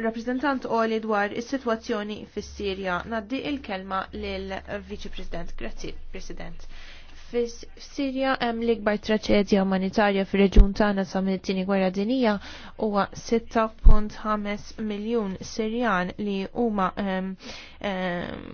rappresentant oli dwar is-sitwazzjoni fis-Sirja. Naddi il-kelma l Viċi President. Grazzi, President. Fis-Sirja hemm l-ikbar traċedja umanitarja fir-reġjun tagħna sa mill-tieni gwerra dinija huwa 6.5 miljun Sirjan li huma ehm, ehm,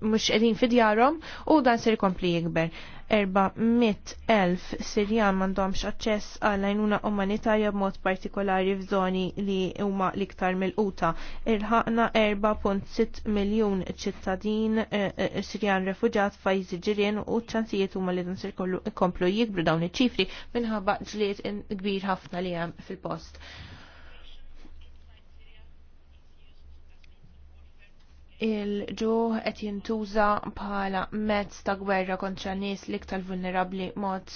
mhux qegħdin fi djarhom u dan ser jkompli jikber. 400.000 Sirjan mandomx aċċess għal għajnuna umanitarja b'mod partikolari f'żoni li huma liktar mill-quta. Irħaqna 4.6 miljun ċittadin eh, eh, Sirjan refuġat fajzi ġirien u ċansijiet huma li nsir komplu jikbru dawn iċ-ċifri minħabba ġliet kbir ħafna li hemm fil-post. il-ġuħ qed jintuża bħala mezz ta' gwerra kontra nies l-iktar vulnerabbli mod,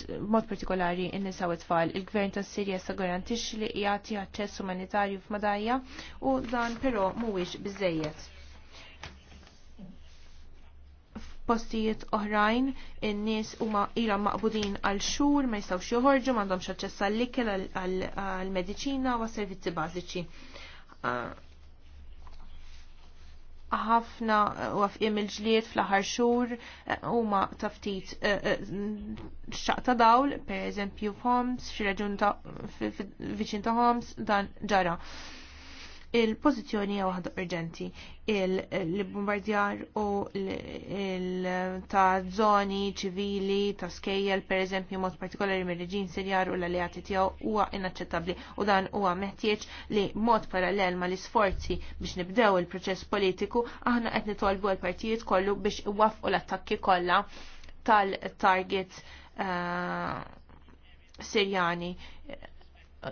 partikolari in-nisa u tfal. Il-gvern tas Sirja sa garantix li jagħti aċċess umanitarju f'Madajja u dan però mhuwiex biżejjed. F'postijiet oħrajn in-nies huma ilhom maqbudin għal xhur ma jistgħux joħorġu m'għandhomx aċċess għall-ikel għall-mediċina u għas-servizzi bażiċi ah, ħafna wafqim il-ġlied fl-aħħar xhur eh, huma eh, eh, ta' ftit xaqta dawl, pereżempju f'Homs, xirraġun ta' viċin ta' Homs dan ġara il-pozizjoni jew waħda urġenti il-bombardjar u ta' zoni ċivili ta' skejjel per eżempju mod partikolari mir reġin Sirjar u l-alleati tiegħu huwa inaċċettabbli u dan huwa meħtieġ li mod parallel ma' l-isforzi biex nibdew il-proċess politiku aħna qed nitolbu l-partijiet kollu biex iwaffqu l-attakki kollha tal-targets eh, Sirjani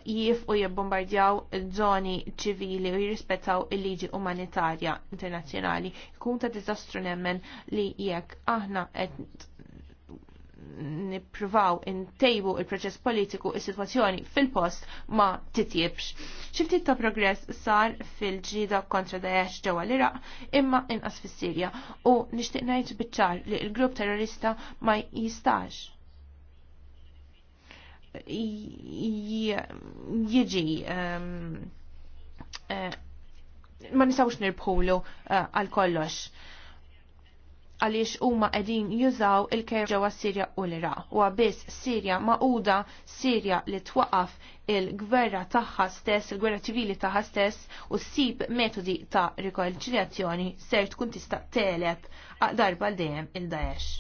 jif u jibbombardjaw żoni ċivili u jirrispettaw il-liġi umanitarja internazzjonali. Kun ta' dizastru nemmen li jekk aħna qed nipruvaw intejbu il-proċess politiku is-sitwazzjoni fil-post ma titjibx. Xiftit ta' progress sar fil-ġida kontra Daesh ġewwa l-Iraq imma inqas fis-Sirja u nixtieq ngħid biċ-ċar li l-grupp terrorista ma jistax jiġi ehm, eh, ma nisawx nirbħulu eh, għal kollox għaliex huma qegħdin jużaw il-kejr ġewwa Sirja u l-Iraq. U biss Sirja maquda Sirja li twaqaf il-gwerra tagħha stess, il-gwerra ċivili tagħha stess u ssib metodi ta' rikonċiljazzjoni ser tkun tista' teleb darba l dejjem il-Daesh.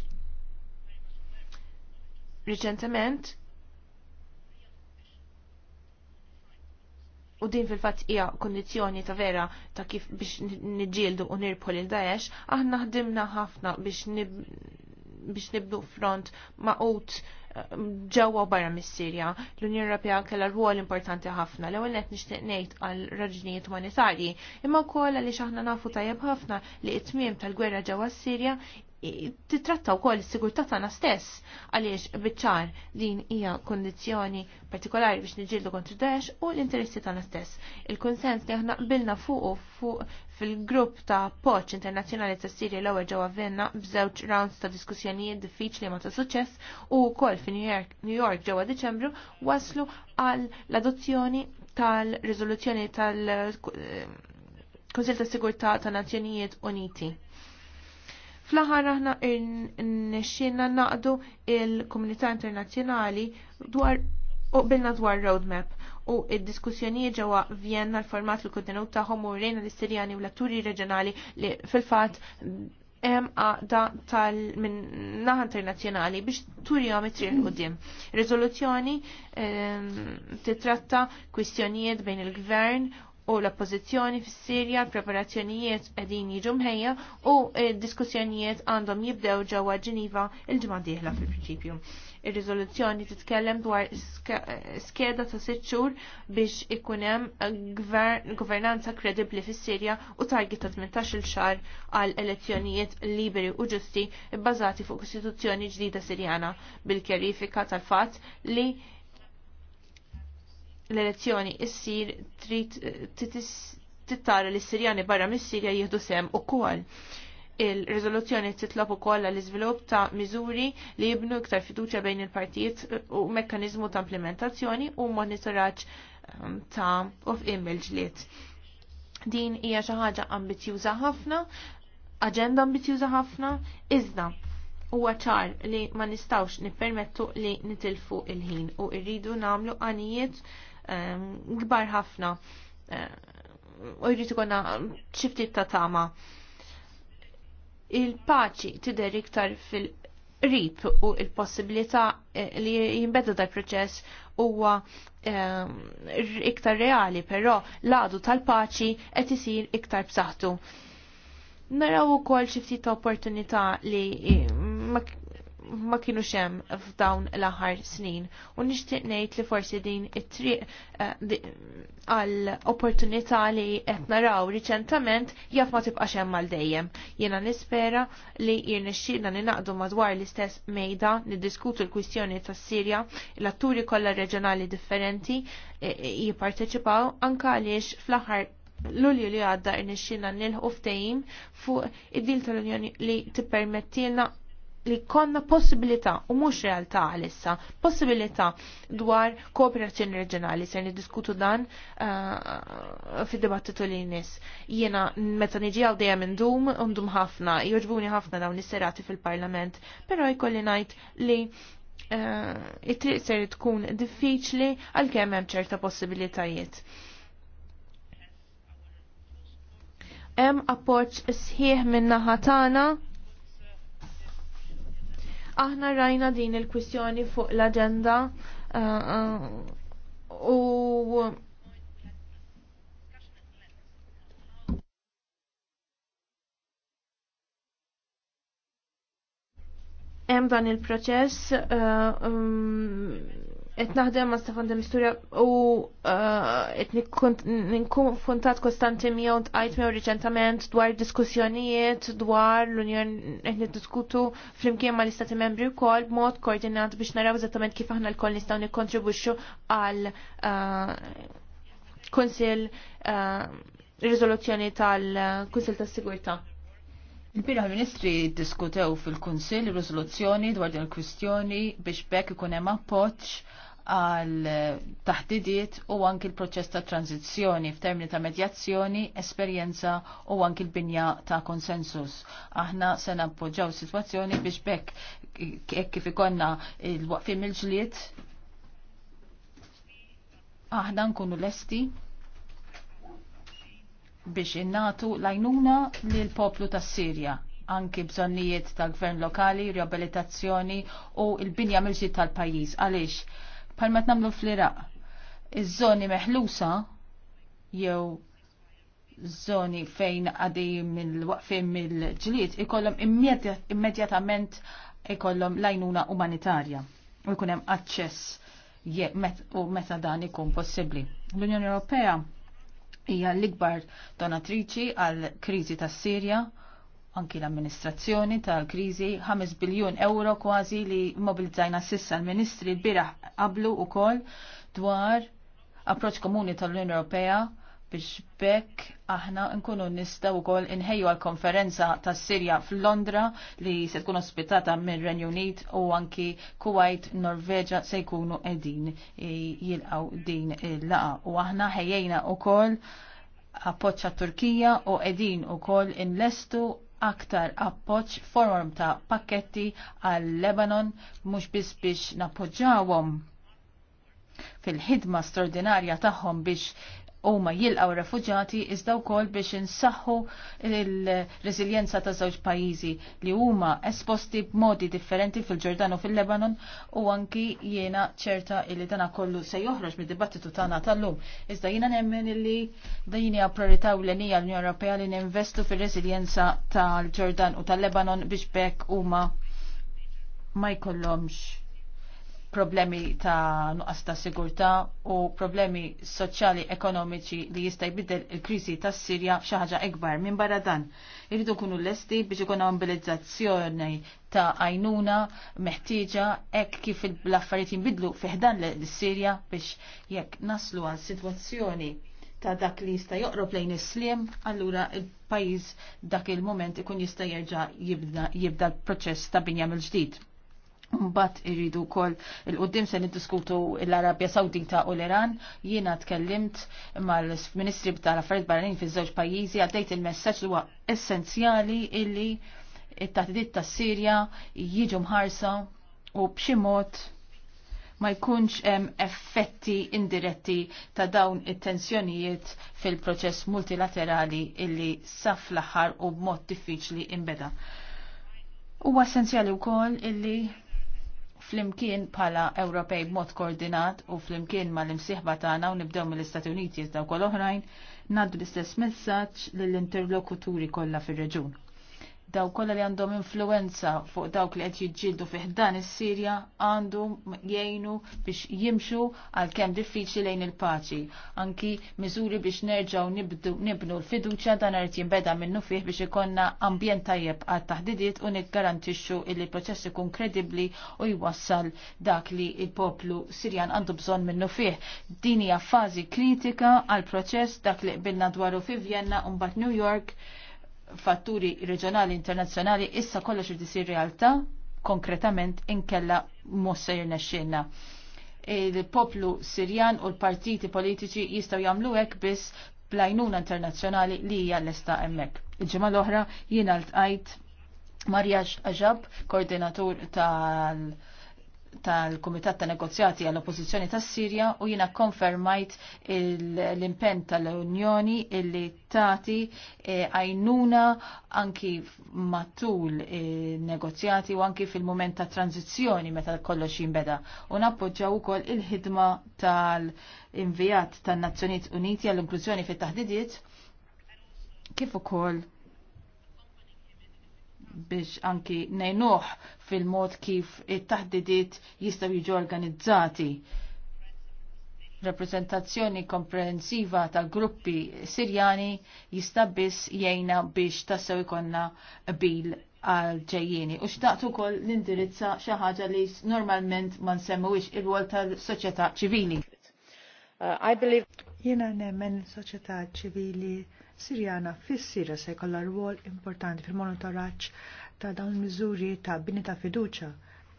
Riċentement, u din fil-fatt hija kondizjoni ta' vera ta' kif biex niġġieldu u nirpu lil Daesh, aħna ħdimna ħafna biex nib biex nibdu front maqut eh, ġewwa barra mis-Sirja. L-Unjoni Ewropea kellha rwol importanti ħafna. L-ewwel qed nixtieq ngħid għal raġunijiet umanitarji, imma wkoll għaliex aħna nafu tajjeb ħafna li t-tmiem tal-gwerra ġewwa s-Sirja titratta wkoll is sigurta tagħna stess għaliex biċ-ċar din hija kondizjoni partikolari biex niġildu kontra Daesh u l-interessi tagħna stess. Il-kunsens li aħna qbilna fuq fil-grupp ta' Poċ Internazzjonali ta' Sirja l-ewwel ġewwa Vienna b'żewġ rounds ta' diskussjonijiet diffiċli ma ta' suċċess u wkoll fi New York ġewwa Diċembru waslu għal l-adozzjoni tal-riżoluzzjoni tal-Konsil eh, ta' Sigurtà ta' Nazzjonijiet Uniti Fl-aħħar aħna n-nexxina naqdu il-komunità internazzjonali dwar bilna dwar roadmap u id-diskussjonijiet ġewwa Vienna l-format l-kontenut tagħhom u rejna l-Istirjani u l-atturi reġjonali li fil-fatt hemm għaqda tal minn naħa internazzjonali biex turjom it-triq qudiem. Riżoluzzjoni ehm, titratta kwistjonijiet bejn il-gvern u l-oppozizjoni fis-Sirja, preparazzjonijiet qegħdin jiġu mħejja u diskussjonijiet għandhom jibdew ġewwa Ġiniva il-ġimgħa dieħla fil-prinċipju. Ir-riżoluzzjoni titkellem dwar skeda ta' sitt xhur biex ikun hemm governanza kredibbli fis-Sirja u target ta' 18-il xahar għal elezzjonijiet liberi u ġusti bbażati fuq Kostituzzjoni ġdida Sirjana bil-kjarifika tal-fatt li l-elezzjoni issir trid tittara li s-Sirjani barra mis-Sirja jieħdu sem kol. Il-rezoluzzjoni titlob ukoll l iżvilupp ta' miżuri li jibnu iktar fiduċja bejn il-partijiet u mekkaniżmu ta' implementazzjoni u monitoraċ ehm, ta' of imil ġliet. Din hija xi ħaġa ambizjuża ħafna, aġenda ambizjuża ħafna, iżda huwa ċar li ma nistawx nippermettu li nitilfu il-ħin u rridu namlu għanijiet gbar ħafna u jrid ikonna xifti ta' tama. Il-paċi tidher iktar fil qrib u il-possibilità eh, li jimbeda dal proċess huwa iktar reali, però l-għadu tal-paċi qed isir iktar b'saħħtu. Naraw ukoll xi ftit ta' opportunità li ma kienu xem f'dawn l-aħħar snin. U nixtieq ngħid li forsi din it-triq eh, għal opportunità li qed naraw riċentament jaf ma tibqa hemm għal dejjem. Jiena nispera li jirnexxielna ninaqdu madwar l-istess mejda niddiskutu l-kwistjoni tas-Sirja l-atturi kollha reġjonali differenti eh, eh, jipparteċipaw anke għaliex fl-aħħar l-ulju li għadda irnexxina nilħu ftehim fuq id-dil tal-Unjoni li tippermettilna li konna possibilità u mhux realtà għalissa, possibilità dwar kooperazzjoni reġjonali se niddiskutu dan uh, fid-dibattitu li nis. Jiena meta niġi għaldeja dejjem indum, undum ħafna, jogħġbuni ħafna dawn is-serati fil-Parlament, però jkolli ngħid li uh, it-triq ser tkun diffiċli għalkemm hemm ċerta possibilitajiet. Hemm appoġġ sħiħ min-naħa tagħna Aħna rajna din il-kwistjoni fuq l-agenda uh, uh, u hemm dan il-proċess uh, um, et naħdem ma' Stefan de Mistura u qed uh, nikkonfrontat kostanti miegħu tqajt miegħu riċentament dwar diskussjonijiet dwar l unjon qed niddiskutu flimkien ma' l-Istati Membri wkoll b'mod koordinat biex naraw zattament kif aħna lkoll nistgħu nikkontribwixxu għal uh, kunsill uh, riżoluzzjoni tal-Kunsill tas-Sigurtà. Il-Pira Ministri diskutew fil-Kunsil riżoluzzjoni dwar din il-kwistjoni biex bekk ikun hemm appoġġ għal taħdidiet u anki l-proċess ta' tranzizzjoni f'termini ta' medjazzjoni, esperjenza u anki l-binja ta' konsensus. Aħna se nappoġġaw sitwazzjoni biex bekk kif ikonna il-waqfim il-ġlied aħna nkunu lesti biex innatu lajnuna l poplu tas Sirja anki bżonnijiet tal-gvern lokali, riabilitazzjoni u il-binja milġi tal-pajis. Għalix, palmet namlu fl-Iraq, iż-żoni meħlusa jew żoni fejn għadi mill waqfim mill-ġliet ikollhom immedjatament ikollhom lajnuna umanitarja u jkun hemm aċċess u meta dan ikun possibbli. L-Unjoni Ewropea hija l-ikbar donatriċi għal kriżi tas Sirja, anki l-amministrazzjoni tal-kriżi 5 biljun euro kważi li mobilizzajna sissa l-ministri l-biraħ qablu u dwar approċ komuni tal-Unjoni Ewropea biex bekk aħna nkunu nistaw ukoll inħejju għal konferenza ta' Sirja f'Londra li se tkun ospitata minn Renju Unit u anki Kuwait, Norveġa se jkunu edin jilqaw din il-laqa. U aħna ħejjejna kol appoċċa Turkija u edin ukoll inlestu aktar appoċ form ta' pakketti għal Lebanon mhux biss biex napoġawom fil-ħidma straordinarja tagħhom biex ma jilqaw refugjati iżda wkoll biex insaħħu il-reżiljenza ta' żewġ pajjiżi li huma esposti b'modi differenti fil-Ġordan u fil-Lebanon u anki jiena ċerta illi dana kollu se joħroġ mid-dibattitu tagħna tal-lum. Iżda jiena nemmen illi dajni hija priorità ewlenija l-Unjoni Ewropea li ninvestu fir-reżiljenza tal-Ġordan u tal-Lebanon biex bekk huma ma jkollhomx problemi ta' nuqqas ta' sigurta u problemi soċjali ekonomiċi li jista' jbiddel il-kriżi tas Sirja xi ħaġa ikbar. Minn barra dan, irridu kunu lesti biex ikun mobilizzazzjoni ta' għajnuna meħtieġa hekk kif l-affarijiet jinbidlu fiħdan l-Sirja biex jekk naslu għal sitwazzjoni ta' dak li jista' joqrob lejn is-sliem, allura il-pajjiż dak il-moment ikun jista' jerġa' jibda, jibda l-proċess ta' binjam il-ġdid Mbatt irridu kol il-qoddim se niddiskutu l-Arabja Sawdita u l-Iran. Jiena tkellimt mal-Ministri tal-Affarijiet Barranin fi żewġ pajjiżi għaddejt il-messaġġ li huwa essenzjali illi it taħdiet tas-Sirja jiġu mħarsa u b'xi mod ma jkunx hemm effetti indiretti ta' dawn it-tensjonijiet fil-proċess multilaterali illi saf l-aħħar u b'mod diffiċli imbeda. Huwa essenzjali wkoll illi flimkien pala Ewropej b'mod koordinat u flimkien mal-imsieħba tagħna u nibdew mill-Istati Uniti iżda kol oħrajn ngħaddu l-istess messaġġ lill-interlokuturi kollha fir-reġun daw kollha li għandhom influenza fuq dawk li qed jiġġieldu fih dan is-Sirja għandu jgħinu biex jimxu għal kemm diffiċli lejn il-paċi. Anki miżuri biex nerġgħu nibnu l-fiduċja dan qed jinbeda minnu fih biex ikonna ambjent tajjeb għal taħdidiet u niggarantixxu li proċess ikun kredibbli u jwassal dak li il-poplu Sirjan għandu bżonn minnu fih. Din hija fażi kritika għal proċess dak li qbilna dwaru fi Vienna u mbagħad New York fatturi reġjonali internazzjonali issa kollox irid isir realtà konkretament inkella mhux se jirnexxielna il-poplu Sirjan u l-partiti politiċi jistgħu jagħmlu hekk biss blajnuna internazzjonali li hija l-esta hemmhekk. Il-ġimgħa l-oħra jiena ltqajt Marjax Aġab, koordinatur tal- tal-Kumitat ta' Negozjati għall oppożizzjoni tas Sirja u jina konfermajt l-impen tal-Unjoni illi tati eh, għajnuna e, anki matul e, negozjati u anki fil-moment ta' tranzizjoni meta kollox jinbeda. U nappoġġaw ukoll il-ħidma tal-invijat tan-Nazzjonijiet Uniti għall-inklużjoni fit-taħdidiet kif ukoll biex anki nejnuħ fil-mod kif it-taħdidiet jistaw jiġu organizzati. Rappresentazzjoni komprensiva ta' gruppi sirjani jista' biss jgħina biex tassew ikonna bil għal ġejjini. U xtaqtu kol l-indirizza xaħġa li normalment ma nsemmuwix il-wol tal-soċjetà ċivili. Uh, I believe Jena nemmen soċjetà ċivili Sirjana fissira sira se jkollha rwol importanti fil-monitoraġġ ta' dawn miżuri ta' bini ta' fiduċa,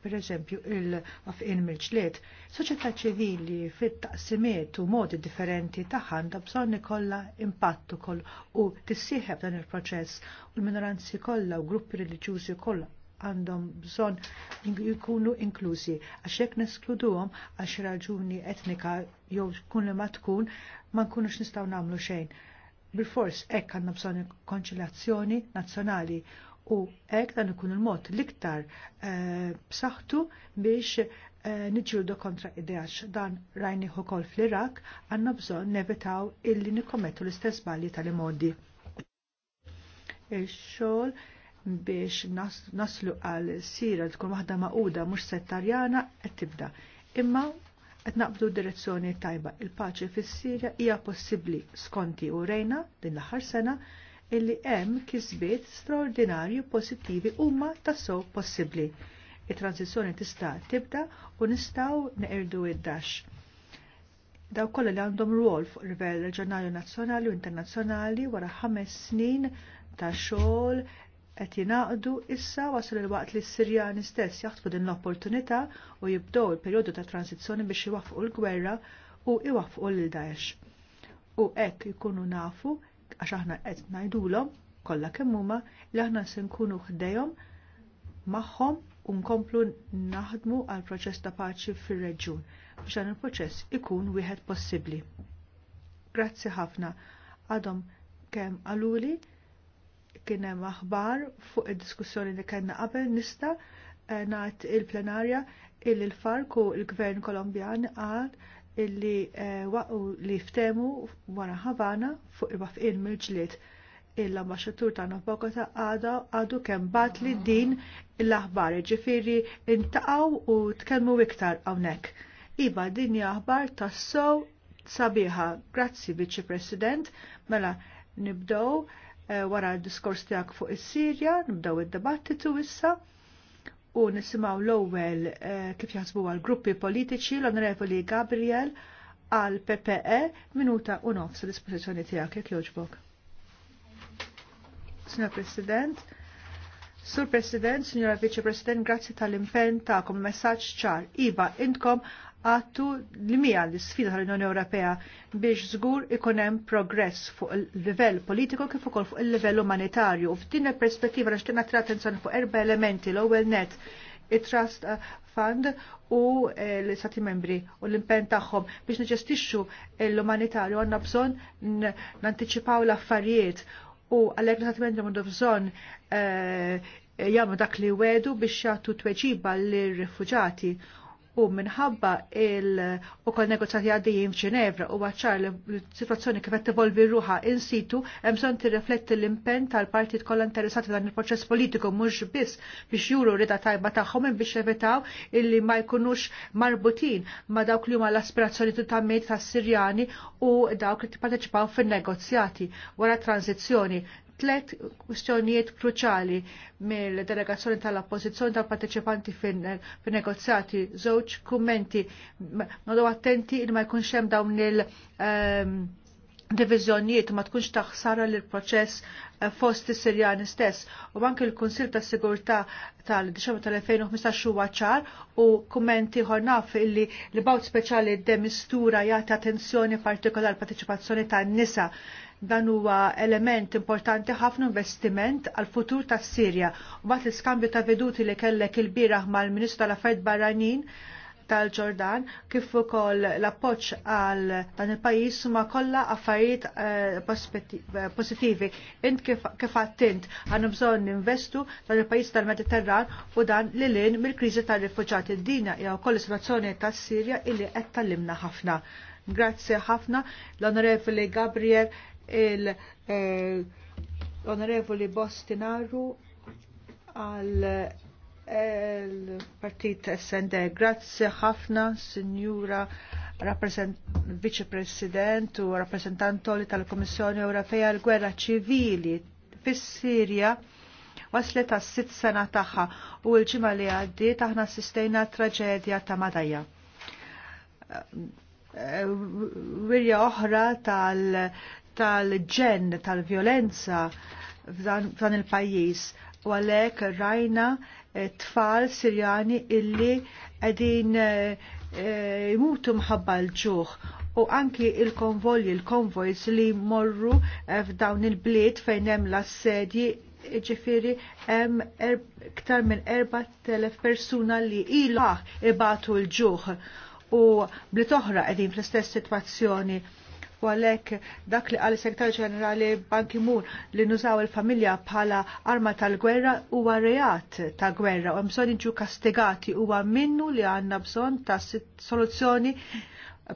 per eżempju il-mafqin mill-ġliet, soċjetà ċivili fit-taqsimiet u modi differenti tagħha għandha bżonn ikollha impatt ukoll u tissieħeb dan il-proċess u l-minoranzi kollha u gruppi reliġjużi kolla għandhom bżonn jkunu inklużi għax jekk neskluduhom għax raġuni etnika jew kun li ma tkun ma nkunux nistgħu nagħmlu xejn. Bil-fors hekk għandna bżonn konċilazzjoni nazzjonali u hekk dan ikun il-mod l-iktar eh, b'saħħtu biex eh, niġġieldu kontra ideax dan rajni ukoll fl-Irak għandna bżonn nevitaw illi nikkommettu l-istess balji tal-imodi. Ix-xogħol biex naslu għal sira tkun waħda maquda mhux settarjana qed tibda. Imma qed naqbdu direzzjoni tajba. Il-paċi fis-Sirja hija possibbli skonti u rejna din l-aħħar sena illi hemm kisbiet straordinarju pożittivi huma tassew possibbli. Il-transizjoni tista' tibda u nistgħu neqirdu id-dax. Daw kollha li għandhom rwol fuq livell reġjonali u nazzjonali u internazzjonali wara ħames snin ta' xogħol qed jingħaqdu issa wasal il-waqt li s-Sirjani stess jaħtfu din l-opportunità u jibdew il-perjodu ta' transizzjoni biex iwaffqu l-gwerra u iwaffqu lil Daesh. U hekk ikunu nafu għax aħna qed ngħidulhom kollha kemm huma li aħna se nkunu ħdejhom magħhom u nkomplu naħdmu għal proċess ta' paċi fir-reġjun biex dan il-proċess ikun wieħed possibbli. Grazzi ħafna għadhom kemm għaluli kien hemm aħbar fuq id-diskussjoni li kellna qabel nista' eh, nagħt il-plenarja il-farku il-Gvern Kolombjan qal illi eh, waqgħu li ftemu wara Havana fuq il-wafqin mill-ġlied il ambaxxatur tagħna f'Bogota għada għadu kemm li din l-aħbar, ġifieri intaqgħu u tkellmu iktar hawnhekk. Iva din hija aħbar tassew sabiħa. Grazzi Viċi President, mela nibdew eh, wara d-diskors tiegħek fuq is-Sirja, nibdew id-dibattitu issa u nisimaw l-ewwel eh, kif jaħsbu għal gruppi politiċi l-Onorevoli Gabriel għal PPE minuta u nofs l-dispożizzjoni tiegħek jekk jogħġbok. Signor President, Sur President, Signora Vice President, grazzi tal-impen ta'kom messaġġ ċar. iba intkom għattu li mija l-sfida tal-Unjoni Ewropea biex żgur ikun hemm progress fuq il-livell politiku kif ukoll fuq il-livell umanitarju. F'din il-perspettiva għax tingħat attenzjoni fuq erba' elementi l-ewwel net it-Trust Fund u eh, l istati membri u l-impen tagħhom biex niġestixxu l-umanitarju għandna bżonn nanticipaw l-affarijiet u għalhekk l-Stati membri għandu bżonn eh, jagħmlu dak li wedu biex jagħtu tweġiba lir-rifuġati u minħabba u kol negozjati għaddijin f'Ġinevra u għacċar li situazzjoni kif qed tevolvi ruħa in situ hemm bżonn tirrifletti l-impenn tal-partit kollha interessati dan il-proċess politiku mhux biss biex juru rida tajba tagħhom biex evitaw illi ma jkunux marbutin ma dawk li huma l-aspirazzjoni tutammejt tas-Sirjani u dawk li tipparteċipaw fin-negozjati wara tranzizzjoni tlet kwistjonijiet kruċali mill-delegazzjoni tal-appożizzjoni tal-parteċipanti fin-negozjati, żewġ kummenti, nodu attenti li ma jkunx hemm dawn il- ehm, divizjonijiet ma tkunx taħsara l proċess eh, fost is-Sirjani stess u anke l konsil ta' Sigurtà tal-Diċembru tal-2015 huwa ċar u kummenti ħornaf illi li bawt speċjali demistura jagħti attenzjoni partikolari partiċipazzjoni tan-nisa dan huwa element importanti ħafna investiment għal futur tas Sirja. U bat l-iskambju ta' veduti li kellek il-biraħ mal-Ministru tal-Affarijiet Barranin tal-Ġordan kif ukoll l-appoġġ għal dan il-pajjiż huma kollha affarijiet eh, pożittivi. Eh, Int kif għattint għandhom bżonn investu dan il-pajjiż tal-Mediterran u dan li lin mill-kriżi tar-rifuġati d dinja jew ukoll is-sitwazzjoni tas-Sirja illi qed tallimna ħafna. Grazzi ħafna l-Onorevoli Gabriel l eh, onorevoli Bostinaru għal eh, partit SND. Grazie ħafna, Signora Vice President u rappresentantoli tal-Komissjoni Ewropea l-Gwerra Ċivili fis-Sirja waslet għas sitt sena tagħha u l-ġimgħa li għaddiet aħna sistejna traġedja ta' Madajja. Eh, wirja oħra tal tal-ġen tal-violenza f'dan il-pajjiż u għalhekk rajna eh, tfal Sirjani illi qegħdin eh, eh, imutu mħabba l-ġuħ u anki il-konvolji, il-konvojs li morru f'dawn il-bliet fejn hemm l-assedji ġifiri hemm er-, iktar minn 4000 persuna li ilu ibatu l-ġuħ u blit oħra qegħdin fl-istess sitwazzjoni U għalek dak li għal Sektar Ġenerali Ban Ki-moon li nużaw il-familja bħala arma tal-gwerra huwa reat ta' gwerra u għamżon bżonn jiġu kastigati huwa minnu li għandna bżonn ta' soluzzjoni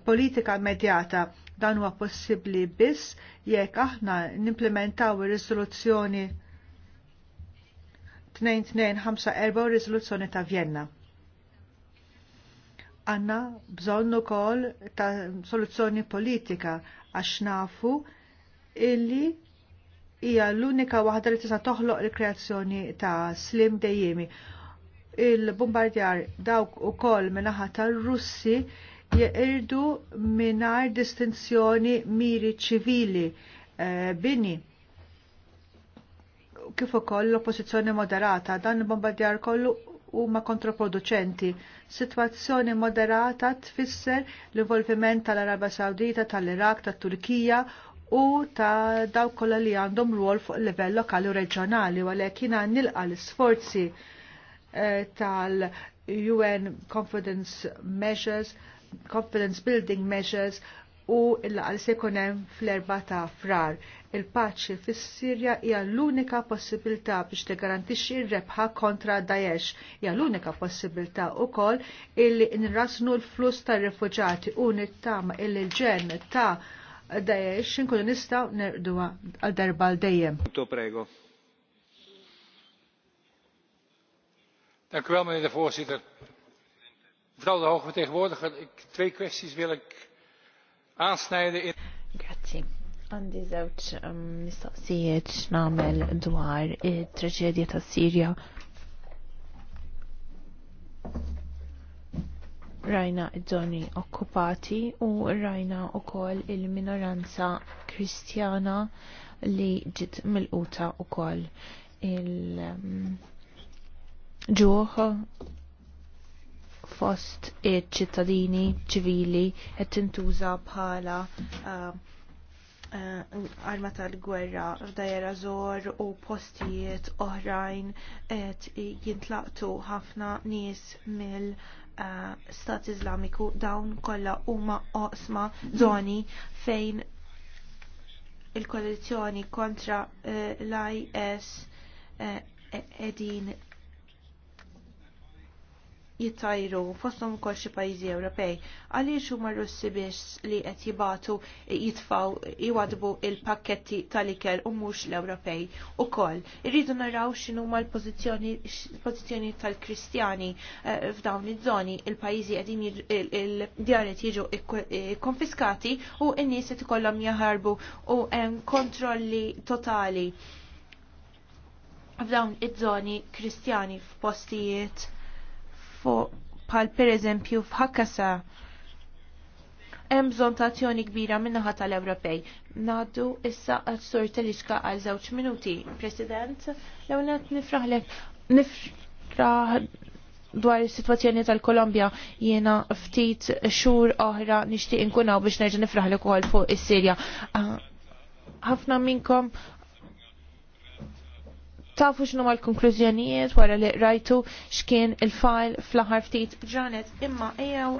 politika immedjata. Dan huwa possibbli biss jekk aħna nimplementaw ir-riżoluzzjoni 2254 u riżoluzzjoni ta' Vienna għanna bżonnu kol ta' soluzzjoni politika għax nafu illi hija l-unika waħda li tista' toħloq il-kreazzjoni ta' slim dejjemi. Il-bombardjar dawk ukoll kol minnaħa tal-Russi jeqirdu minar distinzjoni miri ċivili e, bini kif ukoll l-oppożizzjoni moderata dan il-bombardjar kollu huma kontraproduċenti. Situazzjoni moderata tfisser l-involviment tal-Arabja Sawdita, tal-Iraq, tat-Turkija u ta' daw kollha li għandhom ruol fuq livell lokali u reġjonali għalhekk jiena nilqa l-isforzi eh, tal-UN Confidence Measures, Confidence Building Measures u l-għal sekonem fl-4 ta' frar. Il-paċi fis sirja hija l-unika possibilità biex tigarantixxi r-rebħa kontra Daesh. Hija l-unika possibilità wkoll illi nrasnu l-fluss tar-rifuġati u nittama illi l-ġen ta' Daesh inkunu nistgħu nerduha għal darba l dejjem. prego. Dank u wel, meneer de voorzitter. Mevrouw de hoge vertegenwoordiger, twee kwesties wil ik Grazzi. Għandi zewċ ehm, mistoqsijiet namel dwar il-traġedja ta' Sirja. Rajna id-doni okkupati u rajna u koll il-minoranza kristjana li ġit mil-uta u koll il-ġuħ ehm, fost il ċittadini ċivili qed tintuża bħala uh, uh, arma tal-gwerra f'dajra żor u postijiet oħrajn qed jintlaqtu ħafna nies mill uh, Stat Iżlamiku dawn kollha huma oqsma żoni fejn il-koalizjoni kontra l-IS e-, e-, edin jittajru fostom ukoll xi pajjiżi Ewropej għaliex huma marrussi biex li qed jibatu jitfaw jwadbu il-pakketti tal iker u mux l-Ewropej kol. Irridu naraw xinu ma l-pożizzjoni tal-Kristjani eh, f'dawn iż-żoni il-pajjiżi qegħdin il-djaret jiġu konfiskati u n-nies qed ikollhom jaħarbu u hemm kontrolli totali f'dawn iż-żoni Kristjani f'postijiet fuq pal per eżempju f'Hakkasa hemm bżonn ta' azzjoni kbira min-naħa tal-Ewropej. Ngħaddu issa għal sur Teliska għal żewġ minuti. President, l qed nifraħlek nifraħ dwar is-sitwazzjoni tal-Kolombja jiena ftit xhur oħra nixtieq inkunaw biex nerġa' nifraħlek ukoll fuq is-Sirja. Ah, ħafna minkom tafu x'nu l konklużjonijiet wara li rajtu x'kien il-file fl-aħħar ftit ġranet imma ejjew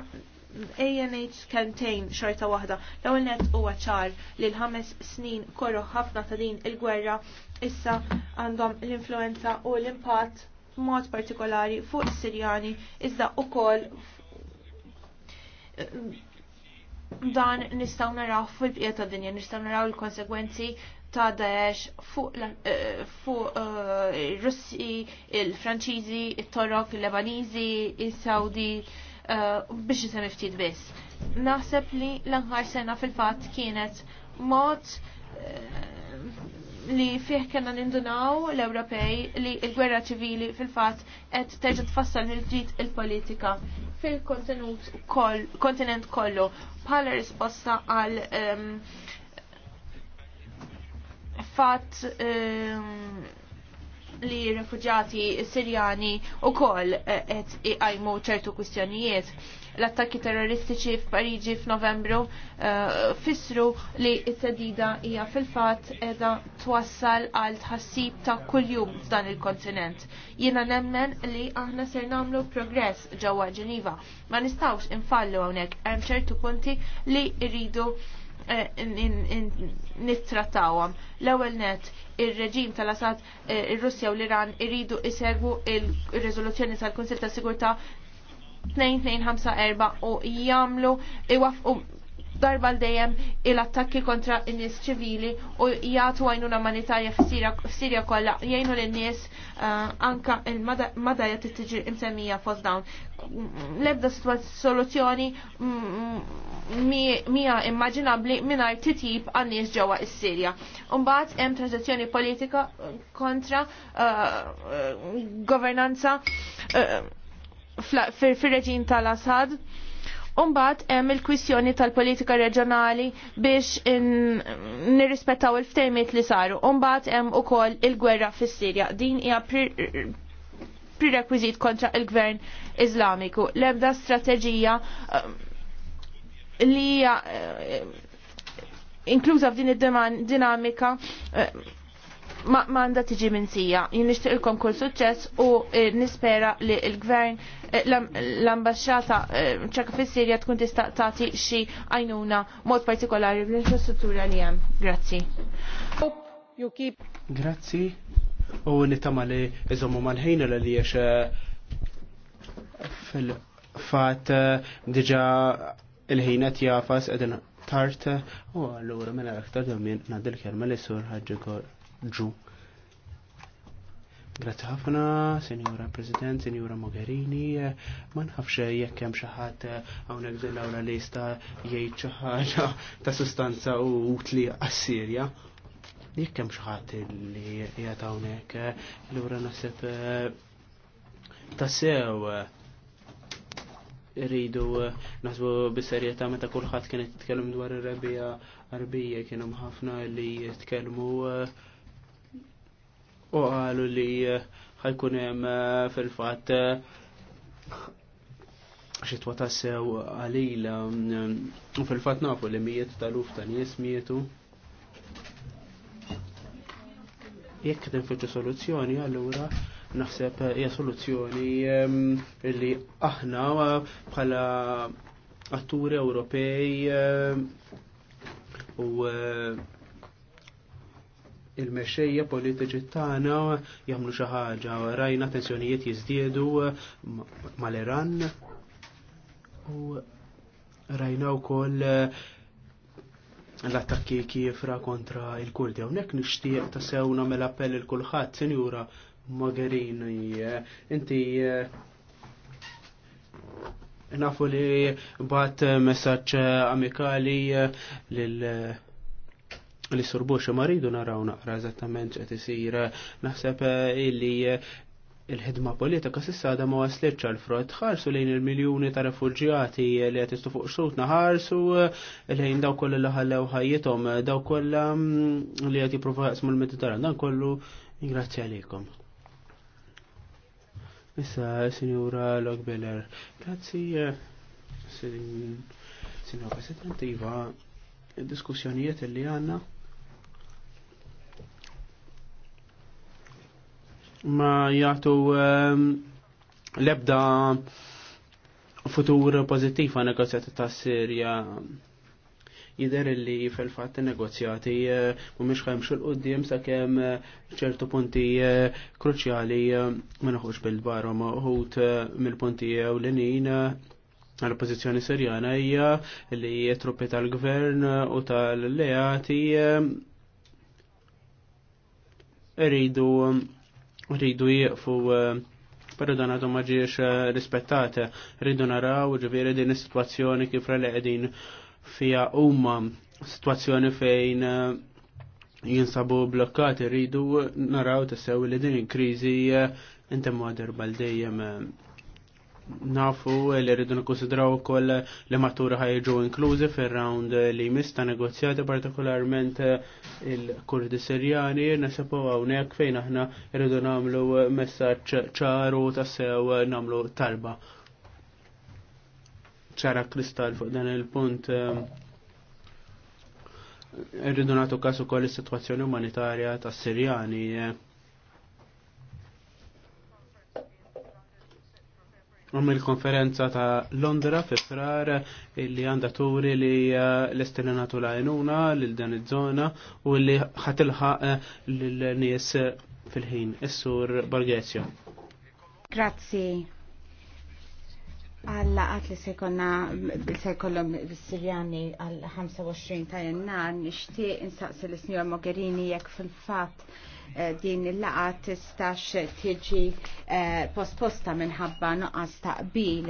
ANH kentejn xorta waħda. law ewwel net huwa ċar li l-ħames snin korru ħafna ta' din il-gwerra issa għandhom l-influenza u l-impatt mod partikolari fuq is-Sirjani iżda wkoll dan nistaw naraw fil-bqija ta' dinja, nistaw naraw il-konsekwenzi ta' Daesh fuq eh, eh, eh, il-Russi, il-Franċiżi, il-Torok, il-Lebaniżi, il-Saudi biex jisem ftit biss. Naħseb li l-anħar sena fil-fat kienet mod li fih kena nindunaw l-Ewropej li il-gwerra ċivili fil-fat qed terġa' tfassal mill ġit il-politika fil-kontinent kontinent kollu bħala risposta għal um, fatt um, li rifugjati sirjani u koll eh, qed iqajmu ċertu kwistjonijiet l-attakki terroristiċi f'Pariġi f'Novembru eh, fissru li t-tedida hija fil-fatt edha twassal għal tħassib ta' kuljum f'dan il-kontinent. Jiena nemmen li aħna ser nagħmlu progress ġewwa Ġeniva. Ma nistgħux infallu hawnhekk hemm ċertu punti li rridu eh, nittratawam. L-ewwel net ir-reġim tal-Assad eh, ir-Russja u l-Iran iridu isegwu il-riżoluzzjoni tal konsil ta' Sigurtà 2254 u jamlu iwafqu darba l-dejjem il-attakki kontra n-nis ċivili u jgħatu għajnuna umanitarja f-Sirja kolla jgħinu l-nis eh, anka il madajat t-tġi imsemmija fost dawn. Lebda soluzzjoni mm, mm, mija immaġinabli minar titjib għan-nis ġewa s-Sirja. Umbat hemm transazzjoni politika kontra eh, eh, governanza fir reġin tal-Assad. Umbat hemm il-kwissjoni tal-politika reġjonali biex nirrispettaw il-ftejmiet li saru. Umbat hemm ukoll il-gwerra fis-Sirja. Din hija prerequisit kontra il-gvern Islamiku. L-ebda strateġija eh, li hija eh, inkluża f'din id-dinamika Ma' manda tiġi minn sija. Jien nixtieqkom kull suċċess u eh, nispera li l-gvern eh, l-ambasċata eh, ċaka fis sirja tkun tista' xi għajnuna mod partikolari bl-infrastruttura li hemm. Grazzi. Grazzi. U nittama li iżommu mal-ħin l li jiex fil-fat diġa il ħina jafas edin tart u għallura minna mela l-aktar domin nadil kelma li sur ħagġikor ġu. Grazzi ħafna, Senjora President, Senjora Mogherini, ma nħafx jekk hemm xi ħadd hawnhekk dil-awra li jista' jgħid xi ħaġa ta' sustanza utli għas-Sirja. Jekk hemm xi ħadd li qiegħed hawnhekk, lura naħseb eh, sew eh, rridu eh, naħsbu bis-serjetà meta kulħadd kien jitkellem dwar ir rebbija arbija kienu ħafna li jitkellmu u għalu li eh, ħajkun hemm eh, fil-fatt eh, xitwa ta' sew għalila mm, u fil-fatt nafu li mijiet tal-uf ta' nies mietu. Jekk tinfittxu soluzzjoni allura naħseb hija soluzzjoni li aħna bħala atturi Ewropej u il-mexxejja politiċi tagħna jagħmlu xi ħaġa rajna tensjonijiet jiżdiedu mal-Iran u rajna wkoll l-attakki kiefra kontra il-Kurdi. Hawnhekk nixtieq tassew nagħmel appell il kulħadd, Sinjura Mogherini, inti eh, nafu li bat messaġġ amikali lil li surbux ma rridu naraw naqra eżattament qed isir naħseb eh, illi eh, il-ħidma politika sissa da ma waslitx għal frott ħarsu lejn il-miljuni ta' refuġjati li qed jistu fuq xrutna ħarsu eh, lejn daw kollha li ħallew ħajjithom daw kollha mm, li qed jippruvaw jaqsmu l-Mediterran dan kollu ingrazzja għalikom. Issa, Sinjura Logbeller, grazzi, Sinjura President, Iva, diskussjonijiet li għanna. ma jagħtu ehm, l-ebda futur pozittiv għan negozjati ta' Sirja jider li fil-fat negozjati eh, u miex ħajmxu l-qoddim sa' kem eh, ċertu punti eh, kruċjali ma naħuġ bil-barom uħut mill-punti u l nin għal-pozizjoni sirjana hija li truppi tal-gvern u tal-leati rridu rridu jieqfu eh, pero dan għadhom ma ġiex eh, rispettate. Rridu naraw ġifieri din is-sitwazzjoni kif rele qegħdin fija huma sitwazzjoni fejn eh, jinsabu blokkati rridu naraw tassew li din il-kriżi intemmu għadher bal dejjem nafu li rridu nikkonsidraw ukoll li matura ħajġu inklużi fir-round li mista negozjati partikolarment eh, il-Kurdi Sirjani nesebgħu hawnhekk fejn aħna rridu nagħmlu messaġġ ċaru tassew nagħmlu talba. ċara kristall fuq dan il-punt eh, rridu nagħtu każ ukoll is-sitwazzjoni umanitarja tas-Sirjani eh. Għam il-konferenza ta' Londra fi frar li għanda turi li eh, l-estelenatu lajnuna l-dan iż-żona u li ħatilħaq eh, l-nies fil-ħin. Is-sur Borgesio. Grazzi. Alla għat li sekonna bil-sekollom bil-Sirjani għal 25 ta' jennar nishtiq insaqsi l-Snjor Mogherini jekk fil-fat Eh, din il-laqa tistax tiġi eh, posposta minħabba nuqqas taqbil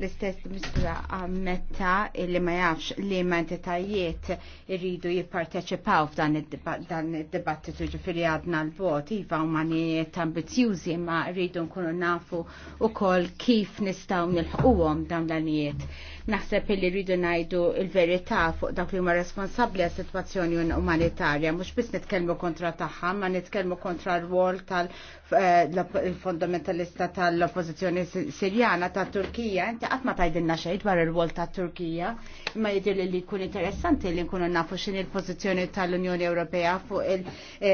l-istess misra għammetta illi ma jafx li ma entitajiet irridu jipparteċipaw f'dan id-dibattitu ġifiri għadna l-vot, iva u manijiet ambizjużi ma rridu nkunu nafu u kol kif nistaw nil-ħuqom dan l-anijiet. Naħseb li rridu ngħidu l-verità fuq dak li huma responsabbli għas sitwazzjoni umanitarja, mhux biss nitkellmu kontra tagħha, ma nitkellmu kontra r-wol tal-fundamentalista eh, tal-oppożizzjoni Sirjana ta' Turkija. Inti qatt ma tgħidilna xejn dwar ir-wol ta' Turkija, imma jidhirli li jkun interessanti li nkunu nafu x'in il-pożizzjoni tal-Unjoni Ewropea fuq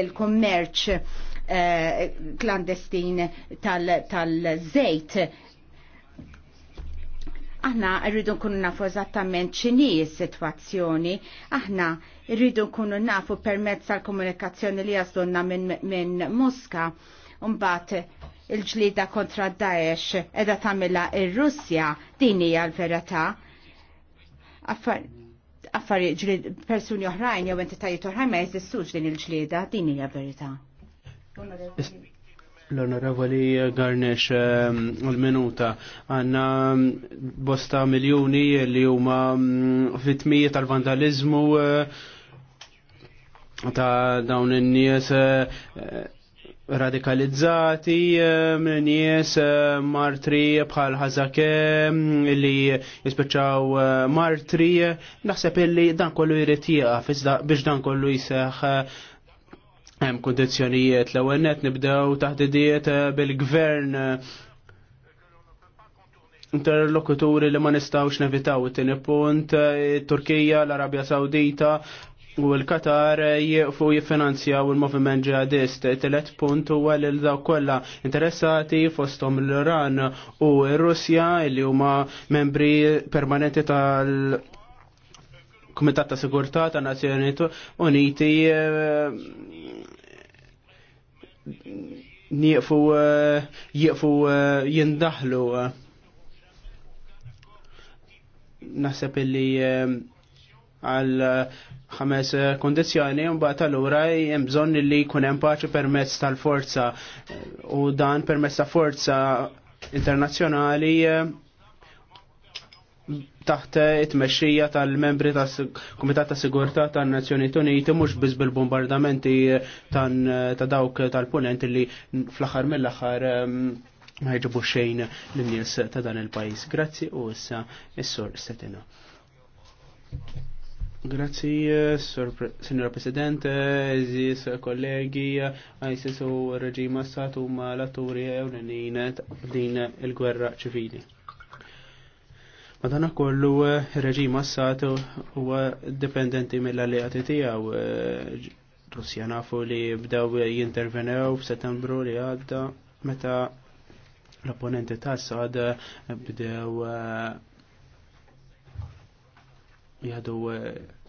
il-kummerċ eh, klandestin tal-żejt Aħna rridu nkunu nafu eżattament x'inhi s-sitwazzjoni, aħna rridu nkunu nafu permezz tal-komunikazzjoni li jaslunna minn min Moska, mbagħad il-ġlida kontra Daesh edha tagħmilha ir-Russja din hija l-verità. Affarijiet ġlid persuni oħrajn jew entitajiet oħrajn ma jeżistux din il-ġlieda, din hija verità. L-Onorevoli Garnex, ehm, l-minuta, għanna ehm, bosta miljoni li huma mm, vitmijiet tal-vandalizmu eh, ta' dawn in-nies eh, radikalizzati ehm, nies eh, martri bħal ħazake li jispiċċaw martri naħseb illi dan kollu jrid jieqaf biex dan kollu jiseħ hemm kundizzjonijiet l-ewwel net nibdew taħdidijiet eh, bil-gvern eh, interlokuturi li ma nistawx nevitaw it-tieni punt eh, Turkija, l-Arabja Sawdita u l-Katar jiqfu jiffinanzjaw il-moviment ġihadist. Telet punt huwa lil daw kollha interessati fosthom l-Iran u r-Russja li huma membri permanenti tal Kumitat ta' Sigurtà ta' nazzjonijiet Uniti nieqfu eh, jieqfu eh, jindaħlu. Eh. Naħseb illi għal ħames kondizjoni mbagħad allura hemm bżonn li jkun hemm paċi permezz tal-forza u dan permezz ta' forza internazzjonali taħt it-mexxija tal-membri tas-Kumitat ta' Sigurtà tan-Nazzjonijiet Uniti mhux biss bil-bombardamenti ta' dawk tal-punent li fl-aħħar mill-aħħar ma jġibu xejn l-nies ta' dan il-pajjiż. Grazzi u issa is-sur Setina. Grazzi, Signor President, Aziz, kollegi, ISIS u reġim Assad u ma l-atturi ewlenin din il-gwerra ċivili. Madonna kollu eh, reġim assat huwa dipendenti mill-alleati tiegħu eh, Russja nafu li bdew jintervenew f'Settembru li għadda meta l-opponenti ta' Assad eh, bdew jgħadu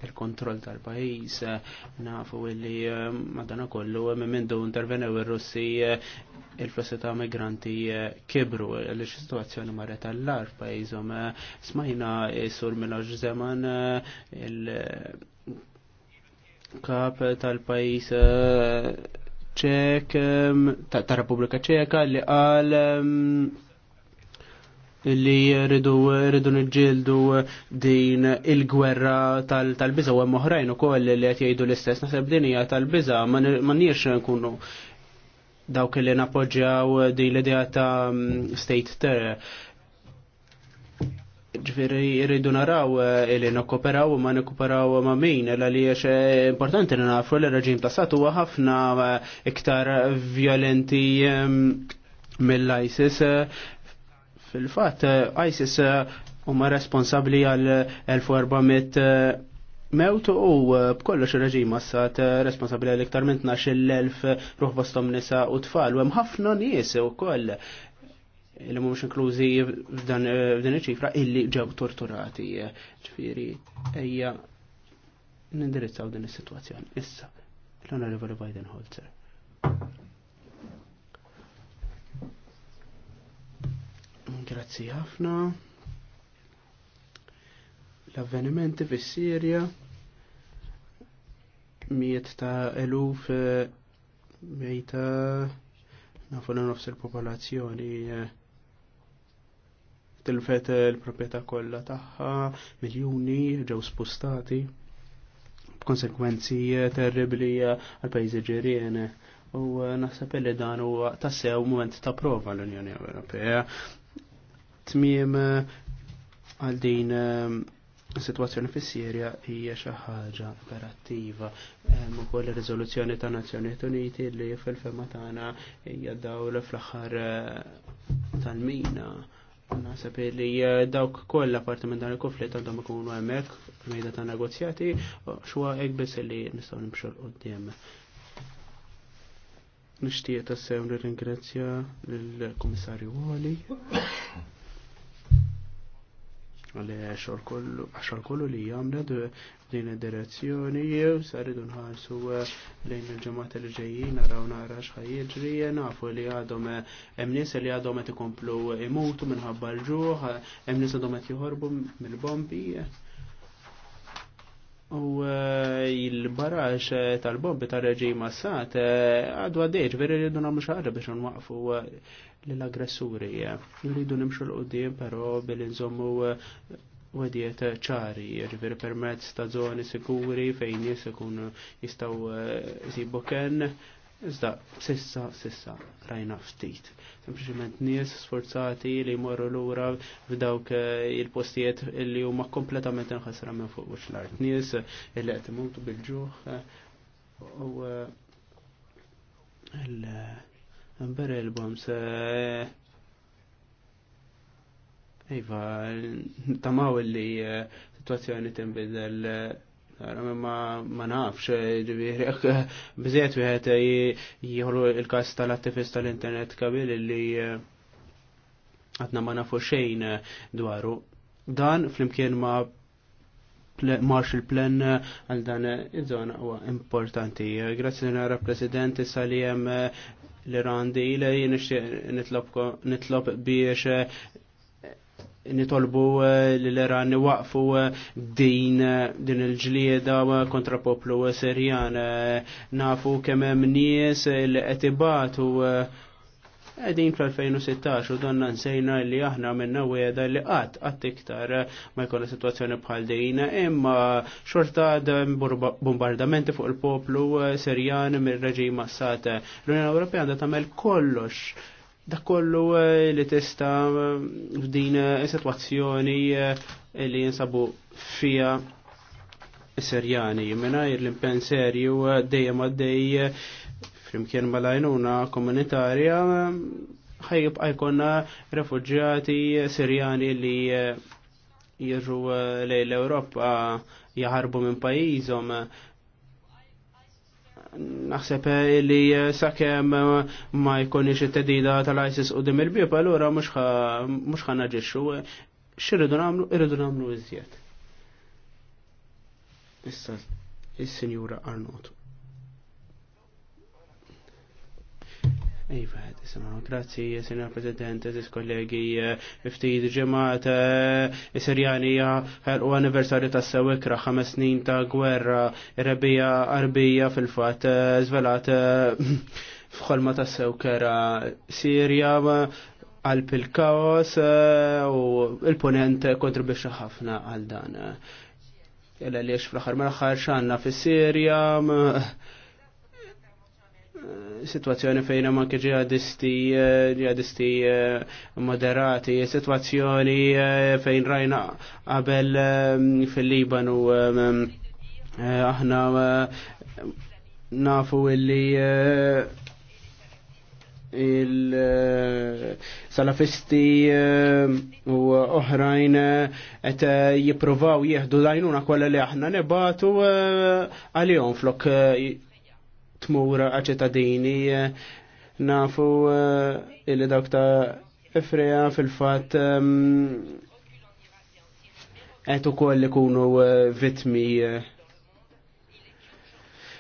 il-kontroll tal-pajis, nafu illi eh, madana kollu eh, minn intervenew il-Russi eh, il-flussi ta' migranti kibru l-situazzjoni marre tal-lar pajizom. Smajna sur Milaġ Zeman il-kap tal-pajis ċek, ta' Repubblika ċeka li għal li rridu rridu nġildu din il-gwerra tal-biża u hemm oħrajn ukoll li qed jgħidu l-istess naħseb din tal-biża ma nniex nkunu dawk li napoġġjaw din l-idea ta' mm, state terror. Ġifieri jridu naraw eh, li nokkoperaw ma nikkoperaw ma' min, għaliex eh, importanti li nafu li reġim ta' satu huwa ħafna eh, iktar violenti mill-ISIS Fil-fatt, eh, ISIS eh, huma responsabbli għal 1400 eh, mewt u b'kollox ir-reġim assat responsabbli għal iktar minn 12,000 ruħ bostom nisa u tfal u hemm ħafna nies ukoll li mhumiex inklużi f'din iċ-ċifra illi ġew torturati. Ġifieri ejja nindirizzaw din is-sitwazzjoni. Issa, l-Onorevoli Biden Holzer. Grazzi ħafna. L-avvenimenti fis-Sirja miet ta' eluf mejta nafu l nofs il-popolazzjoni tilfet il-propieta kollha tagħha, miljuni ġew spostati konsekwenzi terribli għal pajjiżi ġirien. U naħseb li dan huwa tassew mument ta' prova l-Unjoni Ewropea tmiem eh, għal din eh, situazzjoni fis-Sirja hija xi ħaġa operattiva. ukoll ir-riżoluzzjoni ta' Nazzjonijiet Uniti li fil-fema tagħna hija dawl fl-aħħar eh, tal-mina. Naħseb li dawk koll parti minn dan il-konflitt għandhom ikunu hemmhekk mejda ta' negozjati xwa hekk biss li nistgħu nimxu l-qudiem. Nixtieq tassew nirringrazzja lill-Kummissarju Wali għaxħal kollu li għamlet eh, din id-direzzjoni jew saridu nħarsu eh, lejn il-ġemat li ġejjin naraw nara xħajġri eh, nafu li għadhom emnis li għadhom għet ikomplu imutu minħabba l-ġuħ, emnis għadhom għet joħorbu mill-bombi. U e, il baraġ tal-bombi tal-reġim Assad e, għadu għaddeċ, veri rridu namlu xaħġa biex nwaqfu e, l-aggressuri. Rridu nimxu l-qoddim, pero bil-inżommu għadiet ċari, ġveri permezz ta' zoni sikuri fejn jisikun jistaw zibokken. Iżda, sissa, sissa, rajna ftit. Sempliciment nies sforzati li jmorru lura f'dawk eh, il-postijiet li huma kompletament inħasra minn fuq wux l-art. Nies li qed imutu bil-ġuħ eh, u eh, l-amber albums Iva, tamaw li situazzjoni tinbidel Ma ma nafx, bżiet wieħed jieħlu il-kas tal-attivist tal-internet kabil li eh, għatna ma nafu xejn eh, dwaru. Dan flimkien ma Marshall Plan eh, għal dan iż-żona huwa importanti. Grazzi nara President issa li hemm l-Irandi li nitlob biex nitolbu eh, l-Iran waqfu eh, din eh, din il-ġlieda kontra poplu Sirjan. Nafu kemm hemm nies li qed ibatu Għedin fl-2016 u donna nsejna li aħna minna wieda li qatt qatt iktar ma jkollha situazzjoni bħal din imma xorta bombardamenti fuq il-poplu Sirjan mir-reġim Assad. L-Unjoni Ewropea għandha tagħmel kollox dak kollu eh, li tista eh, f'din eh, situazzjoni li jinsabu fija serjani mingħajr l-impen serju dejjem għaddej flimkien mal-għajnuna komunitarja ħajib jkollna refugġati Sirjani li jirru lej l-Ewropa jaħarbu minn pajjiżhom naħseb li sakemm ma jkunix it-tedida tal-ISIS u dim il-bib, allura mhux ħa naġixxu. X'irridu nagħmlu? Irridu nagħmlu iżjed. Issa, is-Sinjura Arnotu. Iva, tisema, grazzi, signor president, tis kollegi, ftit ġemat, eh, Sirjanija, u anniversarju ta' sewikra, ħames snin ta' gwerra, rebija, arbija fil-fat, eh, zvelat, eh, fħolma ta' sewkera, Sirja, għalp il-kaos u il-ponent kontribuċa ħafna għal dan. Jella li fl-axar mal-axar xanna fil-Sirja, situazzjoni fejn hemm anke ġihadisti eh, ġihadisti eh, moderati, situazzjoni eh, fejn rajna qabel fil-Libanu aħna nafu illi il-salafisti u oħrajn qed jippruvaw jieħdu lajnuna kollha li aħna nebatu għalihom flok tmura għacetadini eh, nafu eh, illi dawk ta' Efreja fil-fat għet ehm, u koll kunu eh, vitmi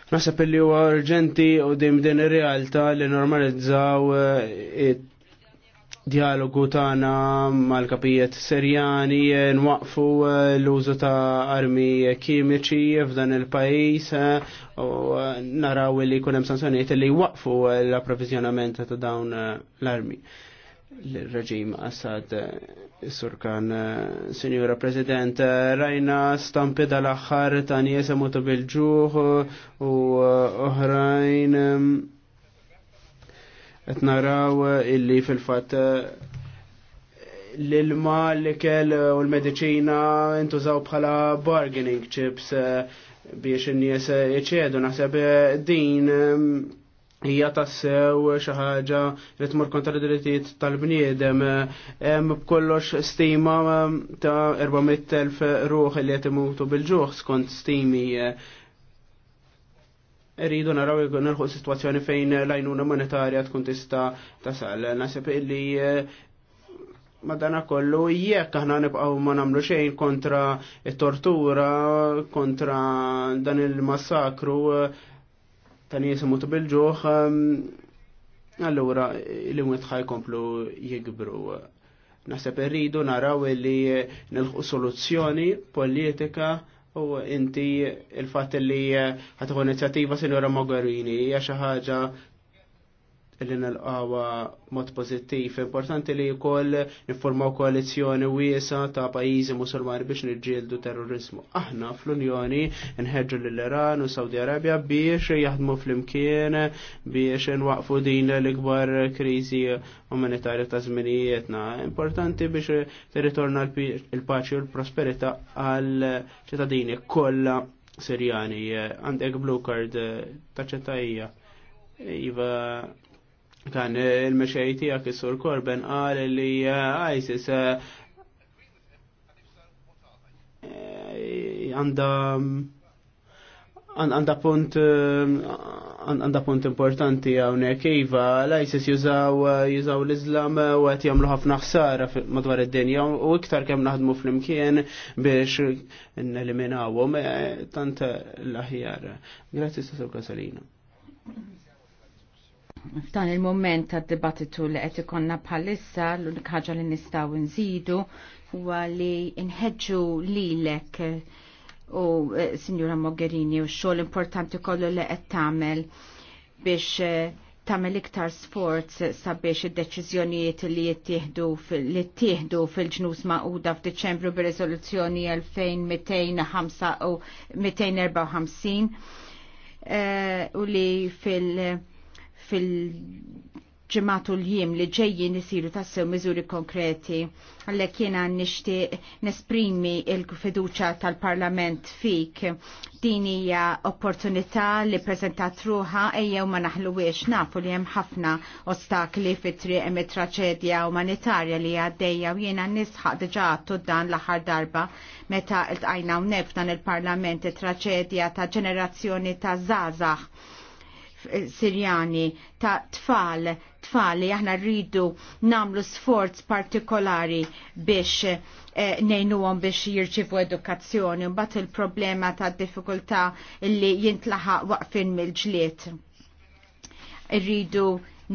Nasab li u urġenti u dim din ir-realtà li normalizzaw it dialogu tagħna mal-kapijiet Serjani eh, nwaqfu eh, l-użu ta' armi kimiċi f'dan il-pajjiż eh, u naraw li jkun hemm li waqfu l-approvvizjonament ta' dawn l-armi l-reġim Assad Surkan Signora President rajna stampi dal-axħar ta' nies bil-ġuħ u oħrajn qed naraw eh, illi fil-fatt eh, l-ilma li kell eh, u l-medicina intużaw bħala bargaining chips biex in-nies iċedu naħseb din hija tassew xi ħaġa li tmur kontra drittijiet tal-bniedem hemm b'kollox stima ta' 400,000 ruħ li qed imutu bil-ġuħ skont stimi rridu naraw nilħu situazzjoni fejn l-għajnuna monetarja tkun tista tasal. Nasib illi eh, madana kollu jekk aħna nibqgħu ma nagħmlu xejn kontra it-tortura, kontra dan il-massakru eh, ta' nies imutu bil-ġuħ, eh, allura l-imwet ħajkomplu jikbru. Nasib irridu naraw li nilħu soluzzjoni politika u inti il-fat li ħatħu inizjattiva Sinjora Mogherini hija xi ħaġa illi nal-qawa mod pozittiv. Importanti li jkoll niformaw koalizjoni wiesa ta' pajjiżi musulmani biex niġġieldu terrorizmu. Aħna fl-Unjoni nħedġu l-Iran u Saudi Arabia biex jaħdmu fl-imkien biex nwaqfu din l-ikbar kriżi umanitarja ta' zminijietna. Importanti biex tirritorna l-paċi u l-prosperità għal ċittadini kollha Sirjani. Għandek blue card taċċettajja. Iva Kan il-mexej tijak il-sur Korben għal li eh, ISIS eh, għanda għanda punt eh, għanda punt importanti għawnek iva l-ISIS jużaw jużaw l-Islam u għet jamlu ħafna ħsara madwar id-dinja u iktar kem naħdmu fl-imkien biex n-eliminawum tant l-aħjar. Grazie, Sassur Kasalina f'dan il-moment ta' dibattitu li qed ikonna bħalissa l-unika ħaġa li nistgħu nżidu huwa li nħeġġu lilek u eh, Sinjura Mogherini u x-xogħol importanti kollu li qed tagħmel biex eh, tagħmel iktar sforz sabiex id-deċiżjonijiet li jittieħdu li ttieħdu fil-ġnus maquda f'Diċembru bir-riżoluzzjoni 2254 eh, u li fil- fil- ġematu l-jiem li ġejjin isiru tassew miżuri konkreti. Għallek jena nishti nesprimi il-fiduċa tal-Parlament fik. Din hija opportunità li prezentat ruħa ejjew ma naħluwiex nafu li hemm ħafna ostakli fit-triq hemm traċedja umanitarja li għaddejja u jiena nisħaq diġà għattu dan l-aħħar darba meta l-tajna u dan il-Parlament it-traċedja ta' ġenerazzjoni ta' zazax Sirjani ta' tfal, tfal li aħna rridu namlu sforz partikolari biex eh, biex jirċivu edukazzjoni, mbagħad il-problema ta' diffikultà li jintlaħaq waqfin mill-ġlied. Irridu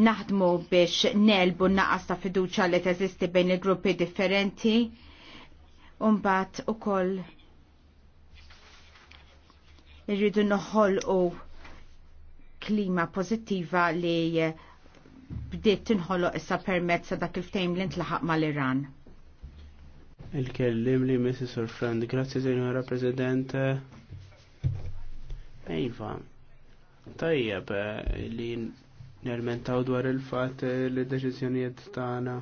naħdmu biex nelbu naqas ta' fiduċa li teżisti bejn il-gruppi differenti, bat u koll irridu noħolqu klima pozittiva li bdiet tinħolo issa permezz dak il-ftejm li ntlaħaq mal-Iran. Il-kellim li Mrs. Orfrand, grazzi Signora President. Ejva, tajjeb eh, li nermentaw dwar il-fat eh, li deċizjonijiet tagħna.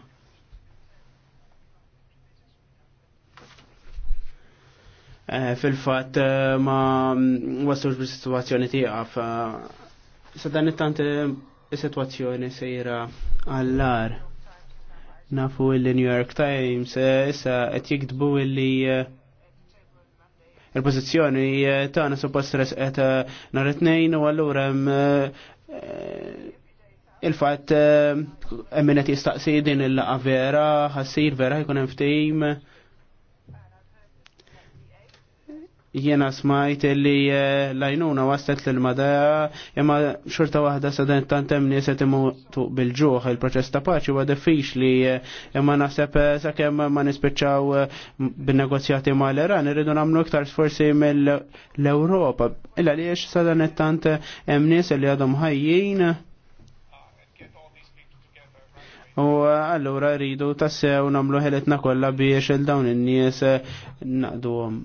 Eh, fil-fat ma waslux bis-situazzjoni tiegħek Sa dan it-tant eh, is-sitwazzjoni sejra għallar. Nafu il-New York Times eh, issa qed jiktbu li eh, il-pozizjoni tagħna suppost resqet nhar it-tnejn u allura il-fatt hemm qed jistaqsi din il-laqa vera, ħassir vera jkun hemm ftehim. jiena smajt li eh, lajnuna waslet l-madaja imma xorta wahda sadan tantem li se bil-ġuħ il-proċess ta' paċi huwa defiċ li eh, imma naħseb eh, sakemm ma nispiċċaw bin-negozjati ma l-Iran irridu nagħmlu iktar sforsi mill-Ewropa. Illa li jiex sadan tant hemm li għadhom ħajjin U allura rridu tassew namlu ħeletna kollha biex il-dawn in-nies naqduhom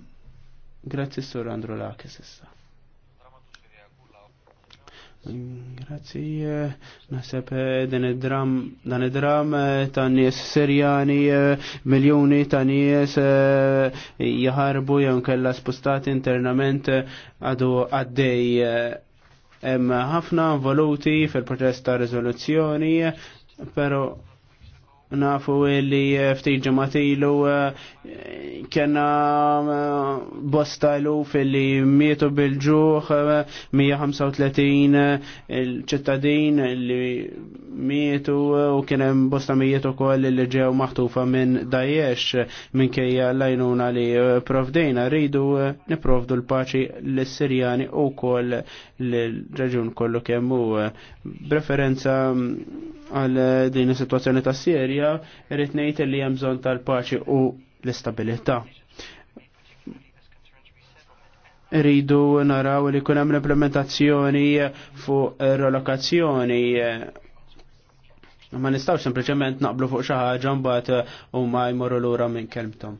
Grazzi Sur Andro Lakes issa. Grazzi, eh, nasib eh, dan id-dram, dan id-dram eh, ta' nies Sirjani, miljoni ta' nies jaharbu jew kella spostati internament għadu għaddej. Hemm ħafna voluti fil protesta ta' riżoluzzjoni, però nafu li eh, ftit ilu eh, kena eh, bosta iluf li mietu bil-ġuħ 135 il-ċittadin li mietu u kena bosta mietu koll li ġew maħtufa minn Daesh minn kajja lajnuna li provdejna rridu niprovdu l-paċi l-Sirjani u koll l-reġun kollu kemmu preferenza mm, għal eh, din is-sitwazzjoni ta' Sirja, irrid ngħid li hemm bżonn tal-paċi u l-istabilità. Rridu naraw li kun hemm l-implementazzjoni fuq relokazzjoni Ma nistgħu sempliċement naqblu fuq xi ħaġa mbagħad eh, huma jmorru lura minn kelmtom.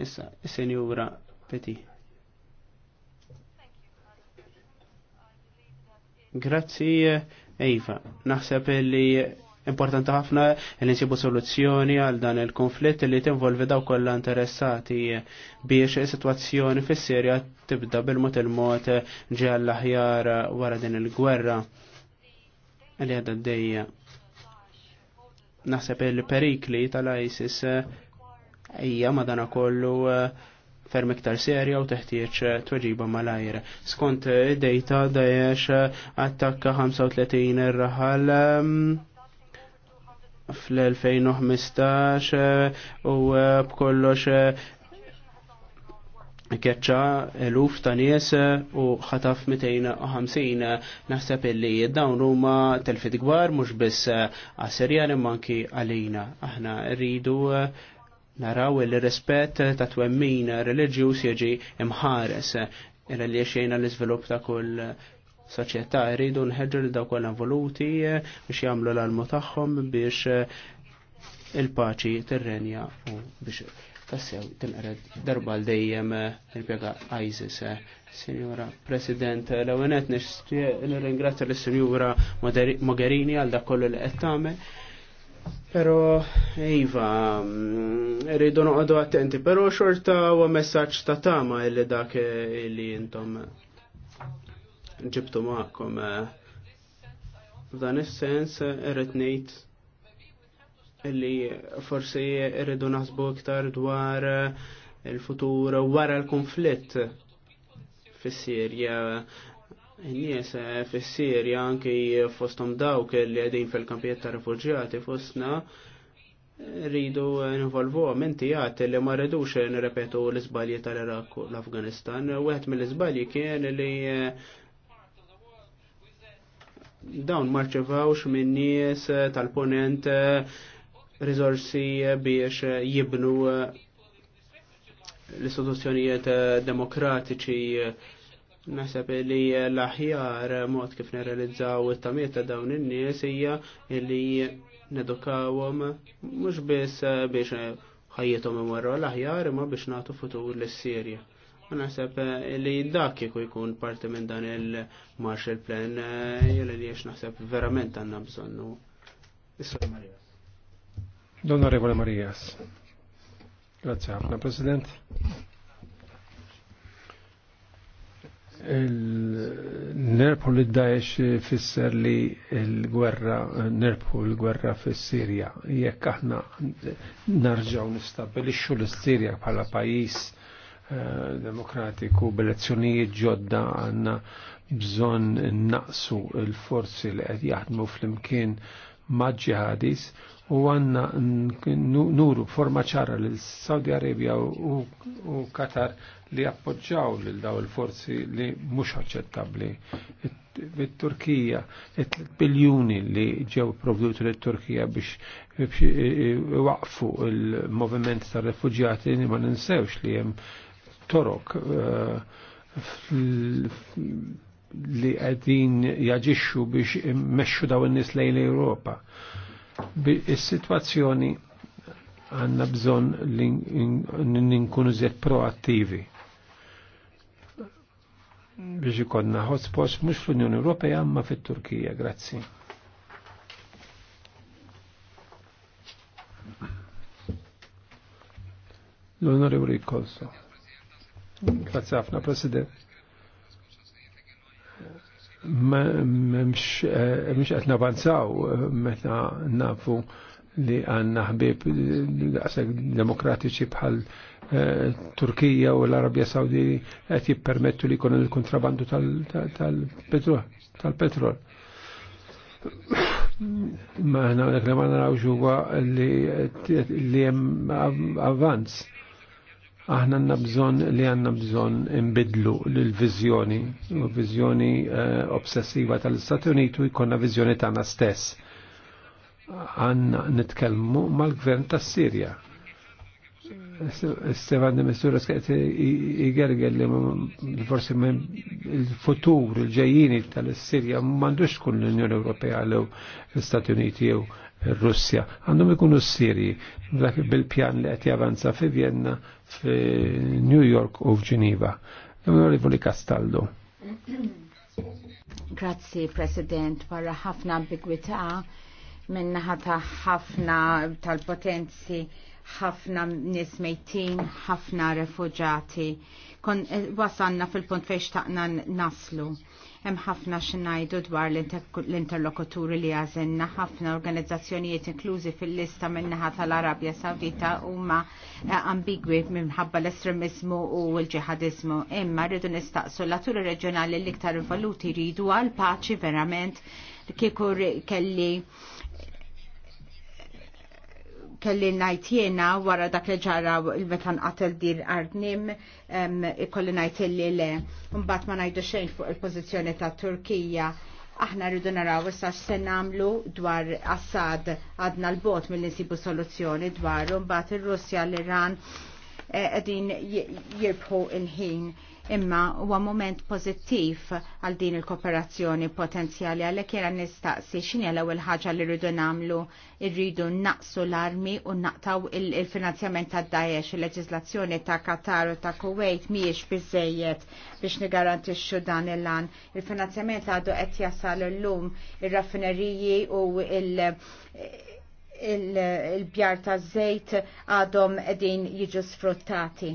Issa, is-senjura Peti. Grazzi eh, Iva, naħseb li importanti ħafna li nsibu soluzzjoni għal dan il-konflitt li tinvolvi daw kollha interessati biex is-sitwazzjoni fis-Sirja tibda bil-mod il-mod ġej l-aħjar wara din il-gwerra li għadha d-dejja. Naħseb il-perikli tal-ISIS ejja madana kollu uh, ferm iktar serja u teħtieġ eh, tweġiba malajr. Skont eh, id-dejta Daesh eh, attakka 35 ir-raħal ehm, fl-2015 u b'kollox keċċa eluf ta' nies u ħataf 250 naħseb illi dawn huma telfit gwar mhux biss għas-Sirjan imma anki għalina. Aħna rridu naraw il-rispett ta' twemmin reliġjuż jiġi imħares li xejna l-iżvilupp ta' kull soċjetà jridu nħeġġu li dawk kollha involuti biex jagħmlu l-almu tagħhom biex il-paċi tirrenja u biex tassew tinqered darba l dejjem il-pjega ISIS. Signora President, l nixtieq nirringrazzja l-Signora Mogherini għal dak kollu li qed tagħmel Pero, Iva, mm, rridu noqogħdu attenti, pero xorta u messaġġ ta' tama illi dak illi intom ġibtu maħkom. F'dan is-sens irrid ngħid illi forsi rridu naħsbu iktar dwar il-futur wara l-konflitt fis-Sirja Nies eh, fis-Sirja anki fostom dawk li għedin fil-kampijiet ta' rifuġjati fostna rridu eh, involvu menti għat li ma rridux eh, nirrepetu l-izbalji tal-Iraq u l-Afganistan. Wieħed mill-izbalji kien li dawn marċevawx minn nies tal-ponent rizorsi biex jibnu l-istituzzjonijiet demokratiċi Naħseb li l-aħjar mod kif nirrealizzaw it-tamiet ta' dawn in-nies hija li nedukawhom mhux biss biex ħajjithom imorru l-aħjar imma biex nagħtu futur lis-Sirja. U naħseb li dak kieku jkun parti minn dan il-Marshall Plan jeli li naħseb verament għandna bżonnu. Isra Marijas. Don Marijas. Grazie ħafna, President. nerpu li Daesh fisser li l-gwerra, nerpu l-gwerra fis-Sirja. Jekk aħna narġaw nistabilixxu l-Sirja bħala pajis eh, demokratiku b'elezzjonijiet ġodda għandna bżonn naqsu l-forzi li qed jaħdmu fl-imkien maġġihadis u għanna nuru forma ċara l saudi Arabia u Qatar li appoġġaw lil daw il-forzi li mhux aċċettabbli. il turkija biljuni li ġew provduti lit turkija biex waqfu il-moviment tar-refuġjati ma ninsewx li hemm torok eh, li għedin jaġixxu biex immexxu daw in-nies lejn l europa Is-sitwazzjoni għandna bżonn li ninkunu żed proattivi biex ikonna hotspots mhux fl-Unjoni Ewropea ma fit-Turkija. Grazzi. L-Onorevoli Kolso. Grazie ħafna, President m'x qed navanzaw meta nafu li għanna ħbib demokratiċi bħal eh, Turkija u l-Arabja Saudi qed jippermettu li jkun il-kontrabandu tal-petrol. Ma ħna dak li ma narawx huwa li hemm avvanz aħna għanna bżon li għanna bżon imbidlu l-vizjoni, vizjoni eh, obsessiva tal-Stati Unitu jkonna vizjoni tagħna stess. Għanna nitkellmu mal-gvern tas-Sirja. Stefan de Mistura skajt li forsi il-futur, il-ġejjini tal-Sirja mandux tkun l-Unjoni Ewropea l l-Stati Uniti jew Russja. Għandhom ikunu s siri bil-pjan li qed javanza fi Vienna, fi New York u f'Ġiniva. Onorevoli Castaldo. Grazzi, President, barra ħafna ambigwità minnaħata ħafna tal-potenzi, ħafna nismejtin, ħafna refugġati. Kon eh, wasanna fil-punt fejn taqna naslu Hemm ħafna xinajdu dwar l-interlokuturi li għażinna ħafna organizzazzjonijiet inklużi fil-lista minnaħa tal-Arabja Sawdita huma eh, ambigwi minħabba l-estremizmu u l-ġihadizmu. Imma rridu nistaqsu l aturi reġjonali l-iktar involuti jridu għal paċi verament kieku kelli kelli najt jena wara dak li ġara il-metan qatel dir ardnim ikolli najt li le mbagħad ma ngħidu xejn fuq il-pożizzjoni ta' Turkija aħna rridu naraw issa x'se nagħmlu dwar Assad għadna l-bot mill insibu soluzzjoni dwar mbagħad ir-Russja l-Iran eh, qegħdin jirbħu il-ħin. il ħin imma huwa moment pozittiv għal din il-kooperazzjoni potenzjali għalhekk jiena nistaqsi x'inhi l-ewwel ħaġa li rridu nagħmlu rridu naqsu l-armi u naqtaw il-finanzjament tad daesh il-leġiżlazzjoni ta' Qatar u ta' Kuwait mhijiex biżejjed biex nigarantixxu dan il-lan. Il-finanzjament għadu qed jasal illum ir-raffineriji u il- il-bjar ta' zejt għadhom qegħdin jiġu sfruttati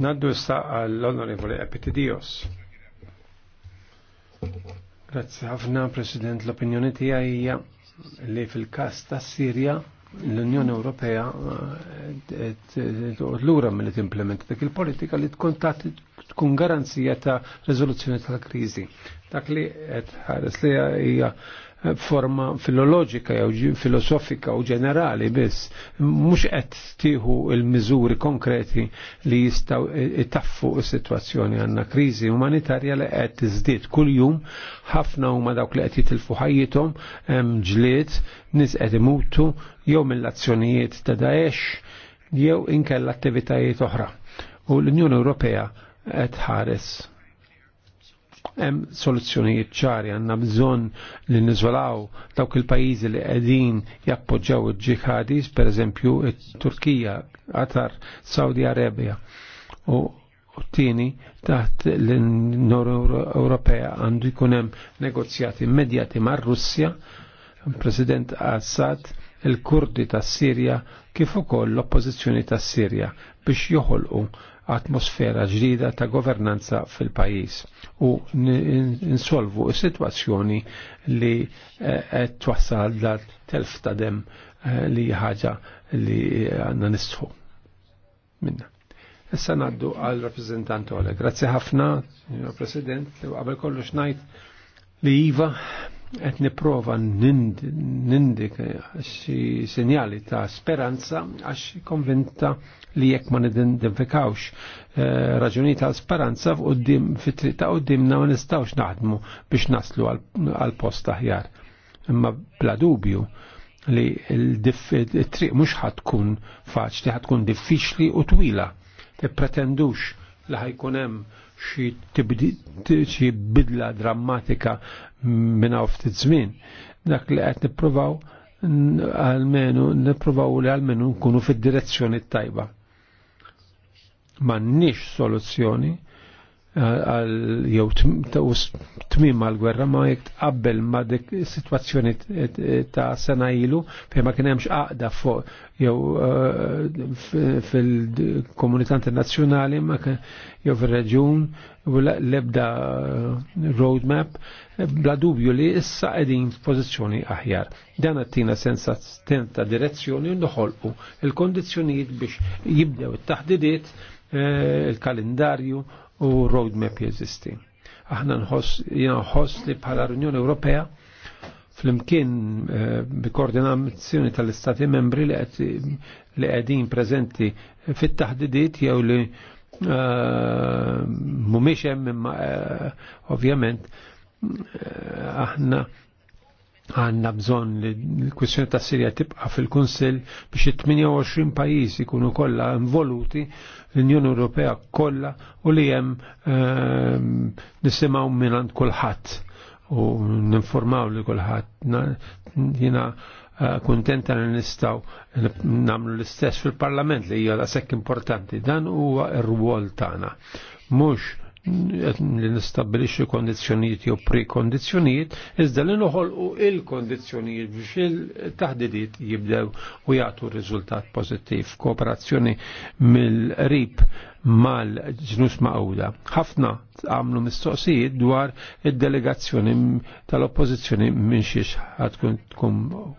Naddu issa għall-Onorevole Epitidios. Grazzi ħafna, President. L-opinjoni tiegħi għajja li fil-każ ta' Sirja l-Unjoni Ewropea eh, eh, l-ura mill timplementa dik il-politika li tkun tagħti tkun garanzija ta' riżoluzzjoni tal-kriżi. Dak li qed ħares li hija forma filoloġika jew filosofika u ġenerali biss, mhux qed tieħu l-miżuri konkreti li jistgħu itaffu s-sitwazzjoni għandna kriżi umanitarja li qed tiżdied kuljum ħafna huma dawk li qed jitilfu ħajjithom hemm ġlied nies qed imutu jew mill-azzjonijiet ta' Daesh jew inkella attivitajiet oħra. U l-Unjoni Ewropea qed ħares hemm soluzzjonijiet ċari għandna bżonn li niżolaw dawk il-pajjiżi li qegħdin jappoġġjaw il-ġihadis, pereżempju it-Turkija, Qatar, Saudi Arabia. U tieni taħt l-Nor Ewropea għandu jkun hemm negozjati immedjati mar-Russja, President Assad, il-Kurdi tas-Sirja kif ukoll l-oppożizzjoni tas-Sirja biex joħolqu atmosfera ġdida ta' governanza fil-pajis u insolvu situazzjoni li eh, qed twassal dal telf ta' dem eh, li ħaġa li għandna nistħu minna. Issa naddu għal rappresentant Ole. Grazzi ħafna, President, li għabel kollox xnajt li Iva qed nipprova nindik xi sinjali ta' speranza għax konvinta li jekk ma nidentifikawx eh, raġuni ta' speranza f'qoddim fit-triq ta' qoddimna ma nistgħux naħdmu biex naslu għal post aħjar. Imma bla dubju li l-triq mhux ħatkun faċli, ħatkun diffiċli u twila. Tippretendux li ħajkun hemm xi bidla drammatika minn hawn ftit żmien. Dak li qed nippruvaw għalmenu nippruvaw li għalmenu nkunu fid-direzzjoni tajba m'għandniex soluzzjoni eh, għal jew tmim għal gwerra ma jek tqabbel ma dik situazzjoni ta' sena ilu fejn ma kien hemmx għaqda fuq jew eh, fil-komunità internazzjonali ma jew fir-reġjun u l-ebda roadmap eh, bla dubju li issa qegħdin f'pożizzjoni aħjar. Dan għattina sensa tenta direzzjoni u noħolqu il kondizjoniet biex jibdew it-taħdidiet Eh, il-kalendarju u roadmap jeżisti. Aħna nħoss, jina nħoss li bħala l-Unjoni Ewropea flimkien eh, bi koordinazzjoni tal-Istati membri li qegħdin preżenti fit-taħdidiet jew li eh, mhumiex hemm imma ovvjament aħna għanna bżon li l-kwistjoni ta' Sirja tibqa fil-Kunsil biex 28 pajjiżi kunu kollha involuti l-Unjoni Ewropea kollha u li hemm ehm, nisimgħu minn kulħadd u ninformaw li kulħadd jiena eh, kuntenta li nistgħu nagħmlu l-istess fil-parlament li hija sekk importanti dan huwa r-rwol tagħna. Mhux li nistabilixi kondizjoniet jew prekondizjoniet, iżda li noħolqu il kondizjoniet biex il-taħdidiet jibdew u jagħtu riżultat pożittiv. Kooperazzjoni mill-rib mal-ġnus maqwda. ħafna għamlu mistoqsijiet dwar id-delegazzjoni tal-oppozizjoni minn xiex tkun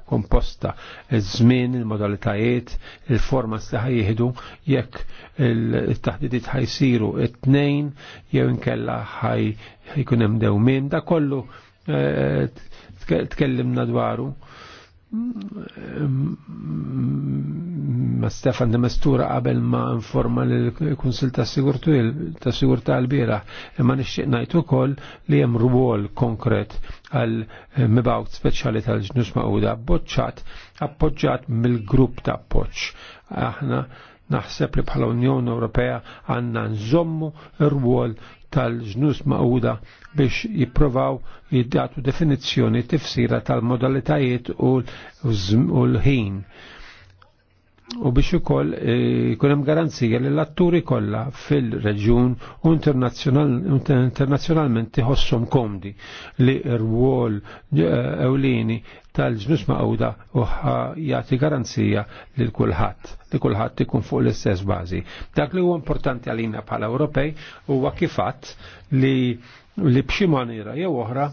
komposta. Iż-żmien, il-modalitajiet, il-forma staħ jihdu jekk il-taħdidiet ħajsiru it-tnejn jew inkella ħajkun jkun hemm dewmien, da kollu eh, tkellimna dwaru ma Stefan de Mestura qabel ma informa l-Kunsil ta' Sigurtu ta' Sigurtu l-bira imma nixtieq ngħid ukoll li hemm rwol konkret għal mibawt speċjali tal-ġnus maquda abboċċat appoġġjat mill-grupp ta' appoġġ. Aħna naħseb li bħala Unjoni Ewropea għandna nżommu rwol tal-ġnus maquda biex jipprovaw jiddatu definizzjoni tifsira tal-modalitajiet u l-ħin u biex ukoll e, jkun hemm garanzija li l-atturi kollha fil-reġjun u internazzjonalment iħossom komdi li rwol e, ewlieni tal-ġnus maqawda u jagħti garanzija li kulħadd li kulħadd ikun fuq l-istess bażi. Dak li huwa importanti għalina bħala Ewropej huwa kifatt li li b'xi maniera jew oħra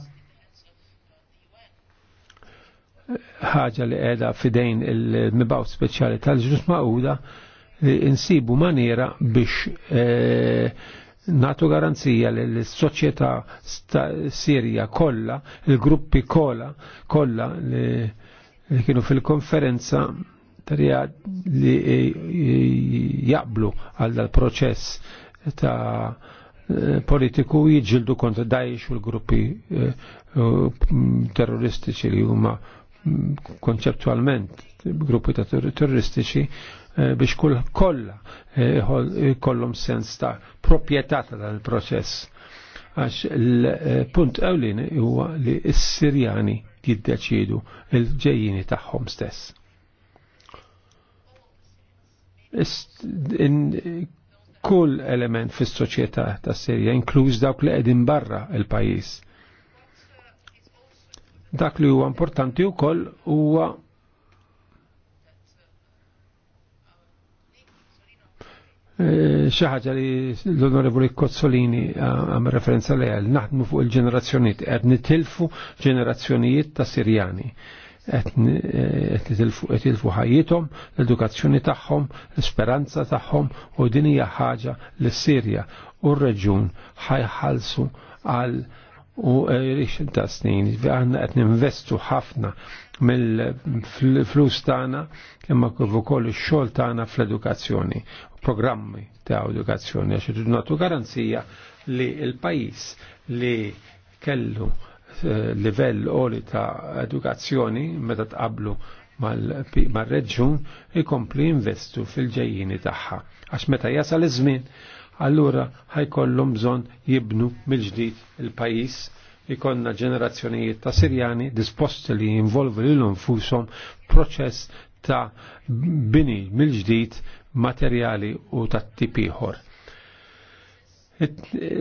ħaġa li qiegħda fidejn il-mibaw speċjali tal-ġus maquda insibu maniera biex eh, natu garanzija li l-soċjetà Sirja kollha, il-gruppi kollha kolla li kienu fil-konferenza li eh, jaqblu għal dal-proċess ta' eh, politiku jiġildu kontra Daesh u l-gruppi terroristiċi li huma konċeptualment gruppi ta' turistiċi eh, biex kull kolla eh, eh, kollum sens ta' proprjetà ta' dan il-proċess. Għax il-punt ewlin huwa li s-Sirjani jiddeċidu il-ġejjini tagħhom stess. Kull element fis soċjetà ta' Sirja, inkluż dawk li qegħdin barra il-pajjiż, Dak li huwa importanti wkoll huwa e, ħaġa li l-onorevoli Kozzolini għam referenza li għal naħdmu fuq il-ġenerazzjoniet, għed nitilfu ġenerazzjonijiet ta' Sirjani, għed e, nitilfu ħajjitom, l-edukazzjoni tagħhom, l-speranza tagħhom u din hija ħaġa li Sirja u r-reġun ħajħalsu għal u eh, rixin ta' snin. Għanna qed ninvestu ħafna mill-flus tagħna imma kif ukoll xol xogħol tagħna fl-edukazzjoni, programmi ta' edukazzjoni għax irridu nagħtu garanzija li l-pajjiż li kellu eh, livell qoli ta' edukazzjoni meta tqablu mal-reġun ikompli investu fil-ġejjini tagħha. Għax meta jasal iż-żmien allura ħajkollhom bżonn jibnu mill-ġdid il-pajjiż ikonna ġenerazzjonijiet ta' Sirjani disposti li jinvolvu l nfushom proċess ta' bini mill-ġdid materjali u ta' tipiħor. ieħor.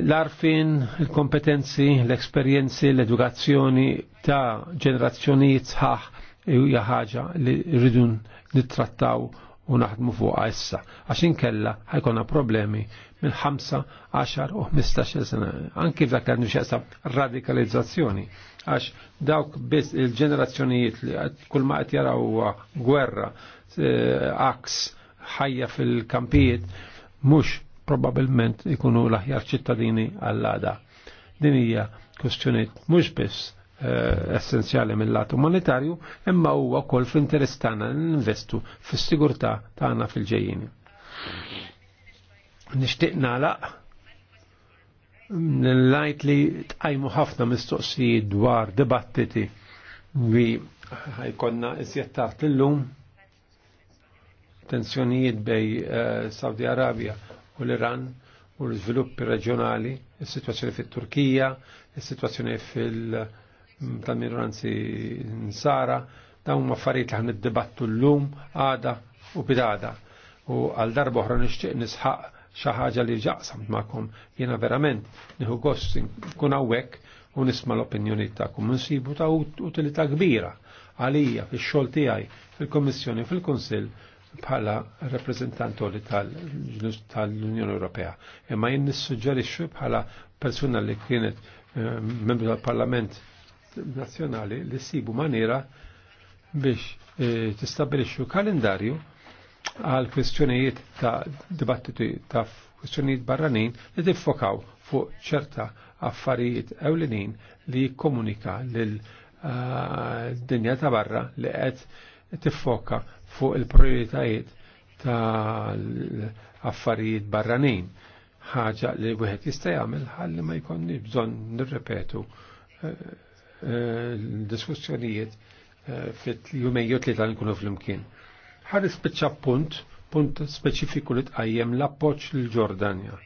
L-arfin, il-kompetenzi, l-esperjenzi, l-edukazzjoni ta' ġenerazzjonijiet sħaħ hija ħaġa li rridu nittrattaw u naħdmu fuqha issa għax inkella ħajkonna problemi minn 5, 10 u 15 sena anki dak li għandu xieqsam radikalizzazzjoni għax dawk biss il-ġenerazzjonijiet li kull ma qed jaraw gwerra, eh, aks, ħajja fil-kampijiet mhux probabilment ikunu l-aħjar ċittadini għall-għada. Din hija kwestjoniet mhux biss Eh, essenzjali mill-lat umanitarju, imma huwa wkoll fl-interess tagħna ninvestu fis-sigurtà tagħna fil-ġejjin. Nixtieq nagħlaq nillajt li tqajmu ħafna mistoqsijiet dwar dibattiti li ħajkonna iżjed tard illum tensjonijiet bej eh, Saudi Arabia u l-Iran u l-żviluppi reġjonali, is-sitwazzjoni fit-Turkija, is-sitwazzjoni fil- turkija tal-minoranzi nsara, dawn huma affarijiet debattu l llum għada u bidada. U għal darba oħra nixtieq nisħaq xi ħaġa li ġaqsam ma'kom, Jiena verament niħu gost nkun hawnhekk u nisma' l-opinjoni kum nsibu ta' utilità kbira għalija fix-xogħol tiegħi fil komissjoni fil-Kunsill bħala rappresentanti tal-Unjoni Ewropea. Imma jien nissuġġerixxu bħala persuna li kienet eh, membru tal-Parlament nazzjonali li sibu maniera biex e, tistabilixxu kalendarju għal kwestjonijiet ta' dibattitu ta' kwestjonijiet barranin li diffokaw fuq ċerta affarijiet ewlenin li jikkomunika lil dinja ta' barra li qed tiffoka fuq il-prioritajiet tal-affarijiet barranin ħaġa li wieħed jista' jagħmel ħalli ma jkollni bżonn nirrepetu e, diskussjonijiet eh, fit-jumejju tal nkunu fl-imkien. Ħar ispiċċa punt, punt speċifiku li tqajjem l-appoġġ l ġordania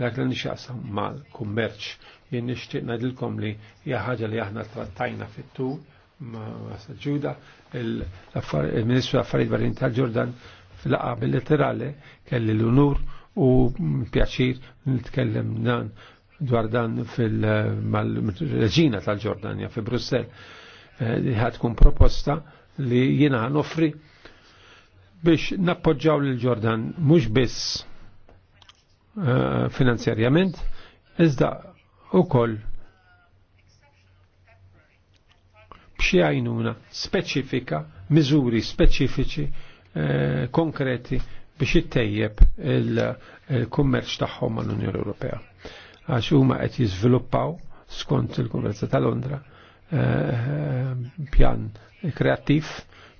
Dak li nixaqsam mal-kummerċ jien nixtieq ngħidilkom li hija ħaġa li aħna trattajna fit-tul ma' Ġuda, il-Ministru l affarijiet Barin tal-Ġordan fil laqab literali kelli l-unur u pjaċir nitkellem dan dwar dan fil-reġina tal-Ġordania fi Brussel li eh, ħad tkun proposta li jiena noffri biex nappoġġaw lil ġordan mhux biss eh, finanzjarjament iżda ukoll b'xi għajnuna speċifika, miżuri speċifiċi eh, konkreti biex ittejjeb il-kummerċ tagħhom mal-Unjoni Ewropea għax huma qed jiżviluppaw skont il kongress ta' Londra eh, pjan kreattiv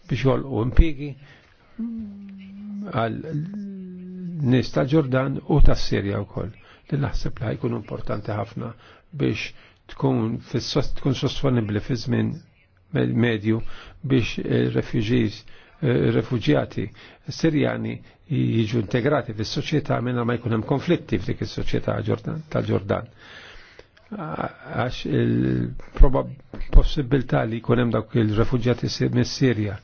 biex jolqu impigi għal nies ta' Ġordan u ta' Sirja wkoll li naħseb li ħajkun importanti ħafna biex tkun tkun sostenibbli fi żmien medju biex il-refuġiż refugjati Sirjani jiġu integrati fis-soċjetà minna ma jkun hemm konflitti f'dik is-soċjetà tal-Ġordan. Għax il-possibilità li jkun hemm dawk il-refugjati mis-Sirja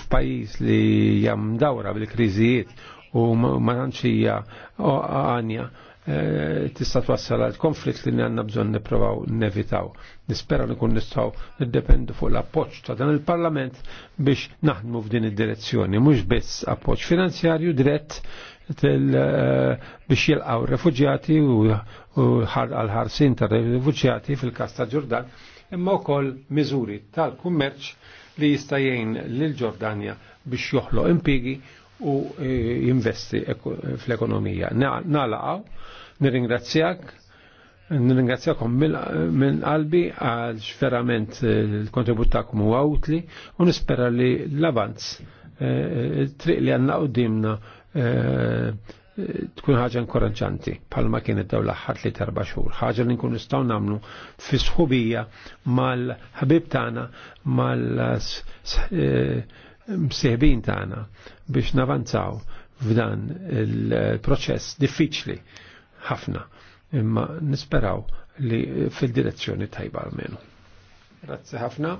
f'pajjiż li jam dawra bil-kriżijiet u ma għanja Eh, tista' twassal għal konflitt li għandna bżonn nipprovaw nevitaw. Nispera li kun nistgħu niddependu fuq l-appoġġ ta' dan il-Parlament biex naħdmu f'din id-direzzjoni, mhux biss appoġġ finanzjarju dirett eh, biex jilqaw refugjati u għal-ħarsin ta' refugjati fil-kas ta' Ġordan, imma wkoll miżuri tal-kummerċ li jista' jgħin lil Ġordania biex joħloq impigi u jinvesti e, fl-ekonomija. Nalaqaw, nirringrazzjak, nirringrazzjakom minn qalbi għal verament e, il-kontribut ta'kom u għawtli u nispera li l-avanz e, triq li għanna dimna tkun ħaġa inkoraġġanti palma kienet daw l li terba' xhur. Ħaġa li nkun nistgħu nagħmlu fi sħubija mal-ħabib tagħna mal msieħbin tagħna biex navanzaw f'dan il-proċess diffiċli ħafna imma nisperaw li fil-direzzjoni tajba almenu. Grazzi ħafna.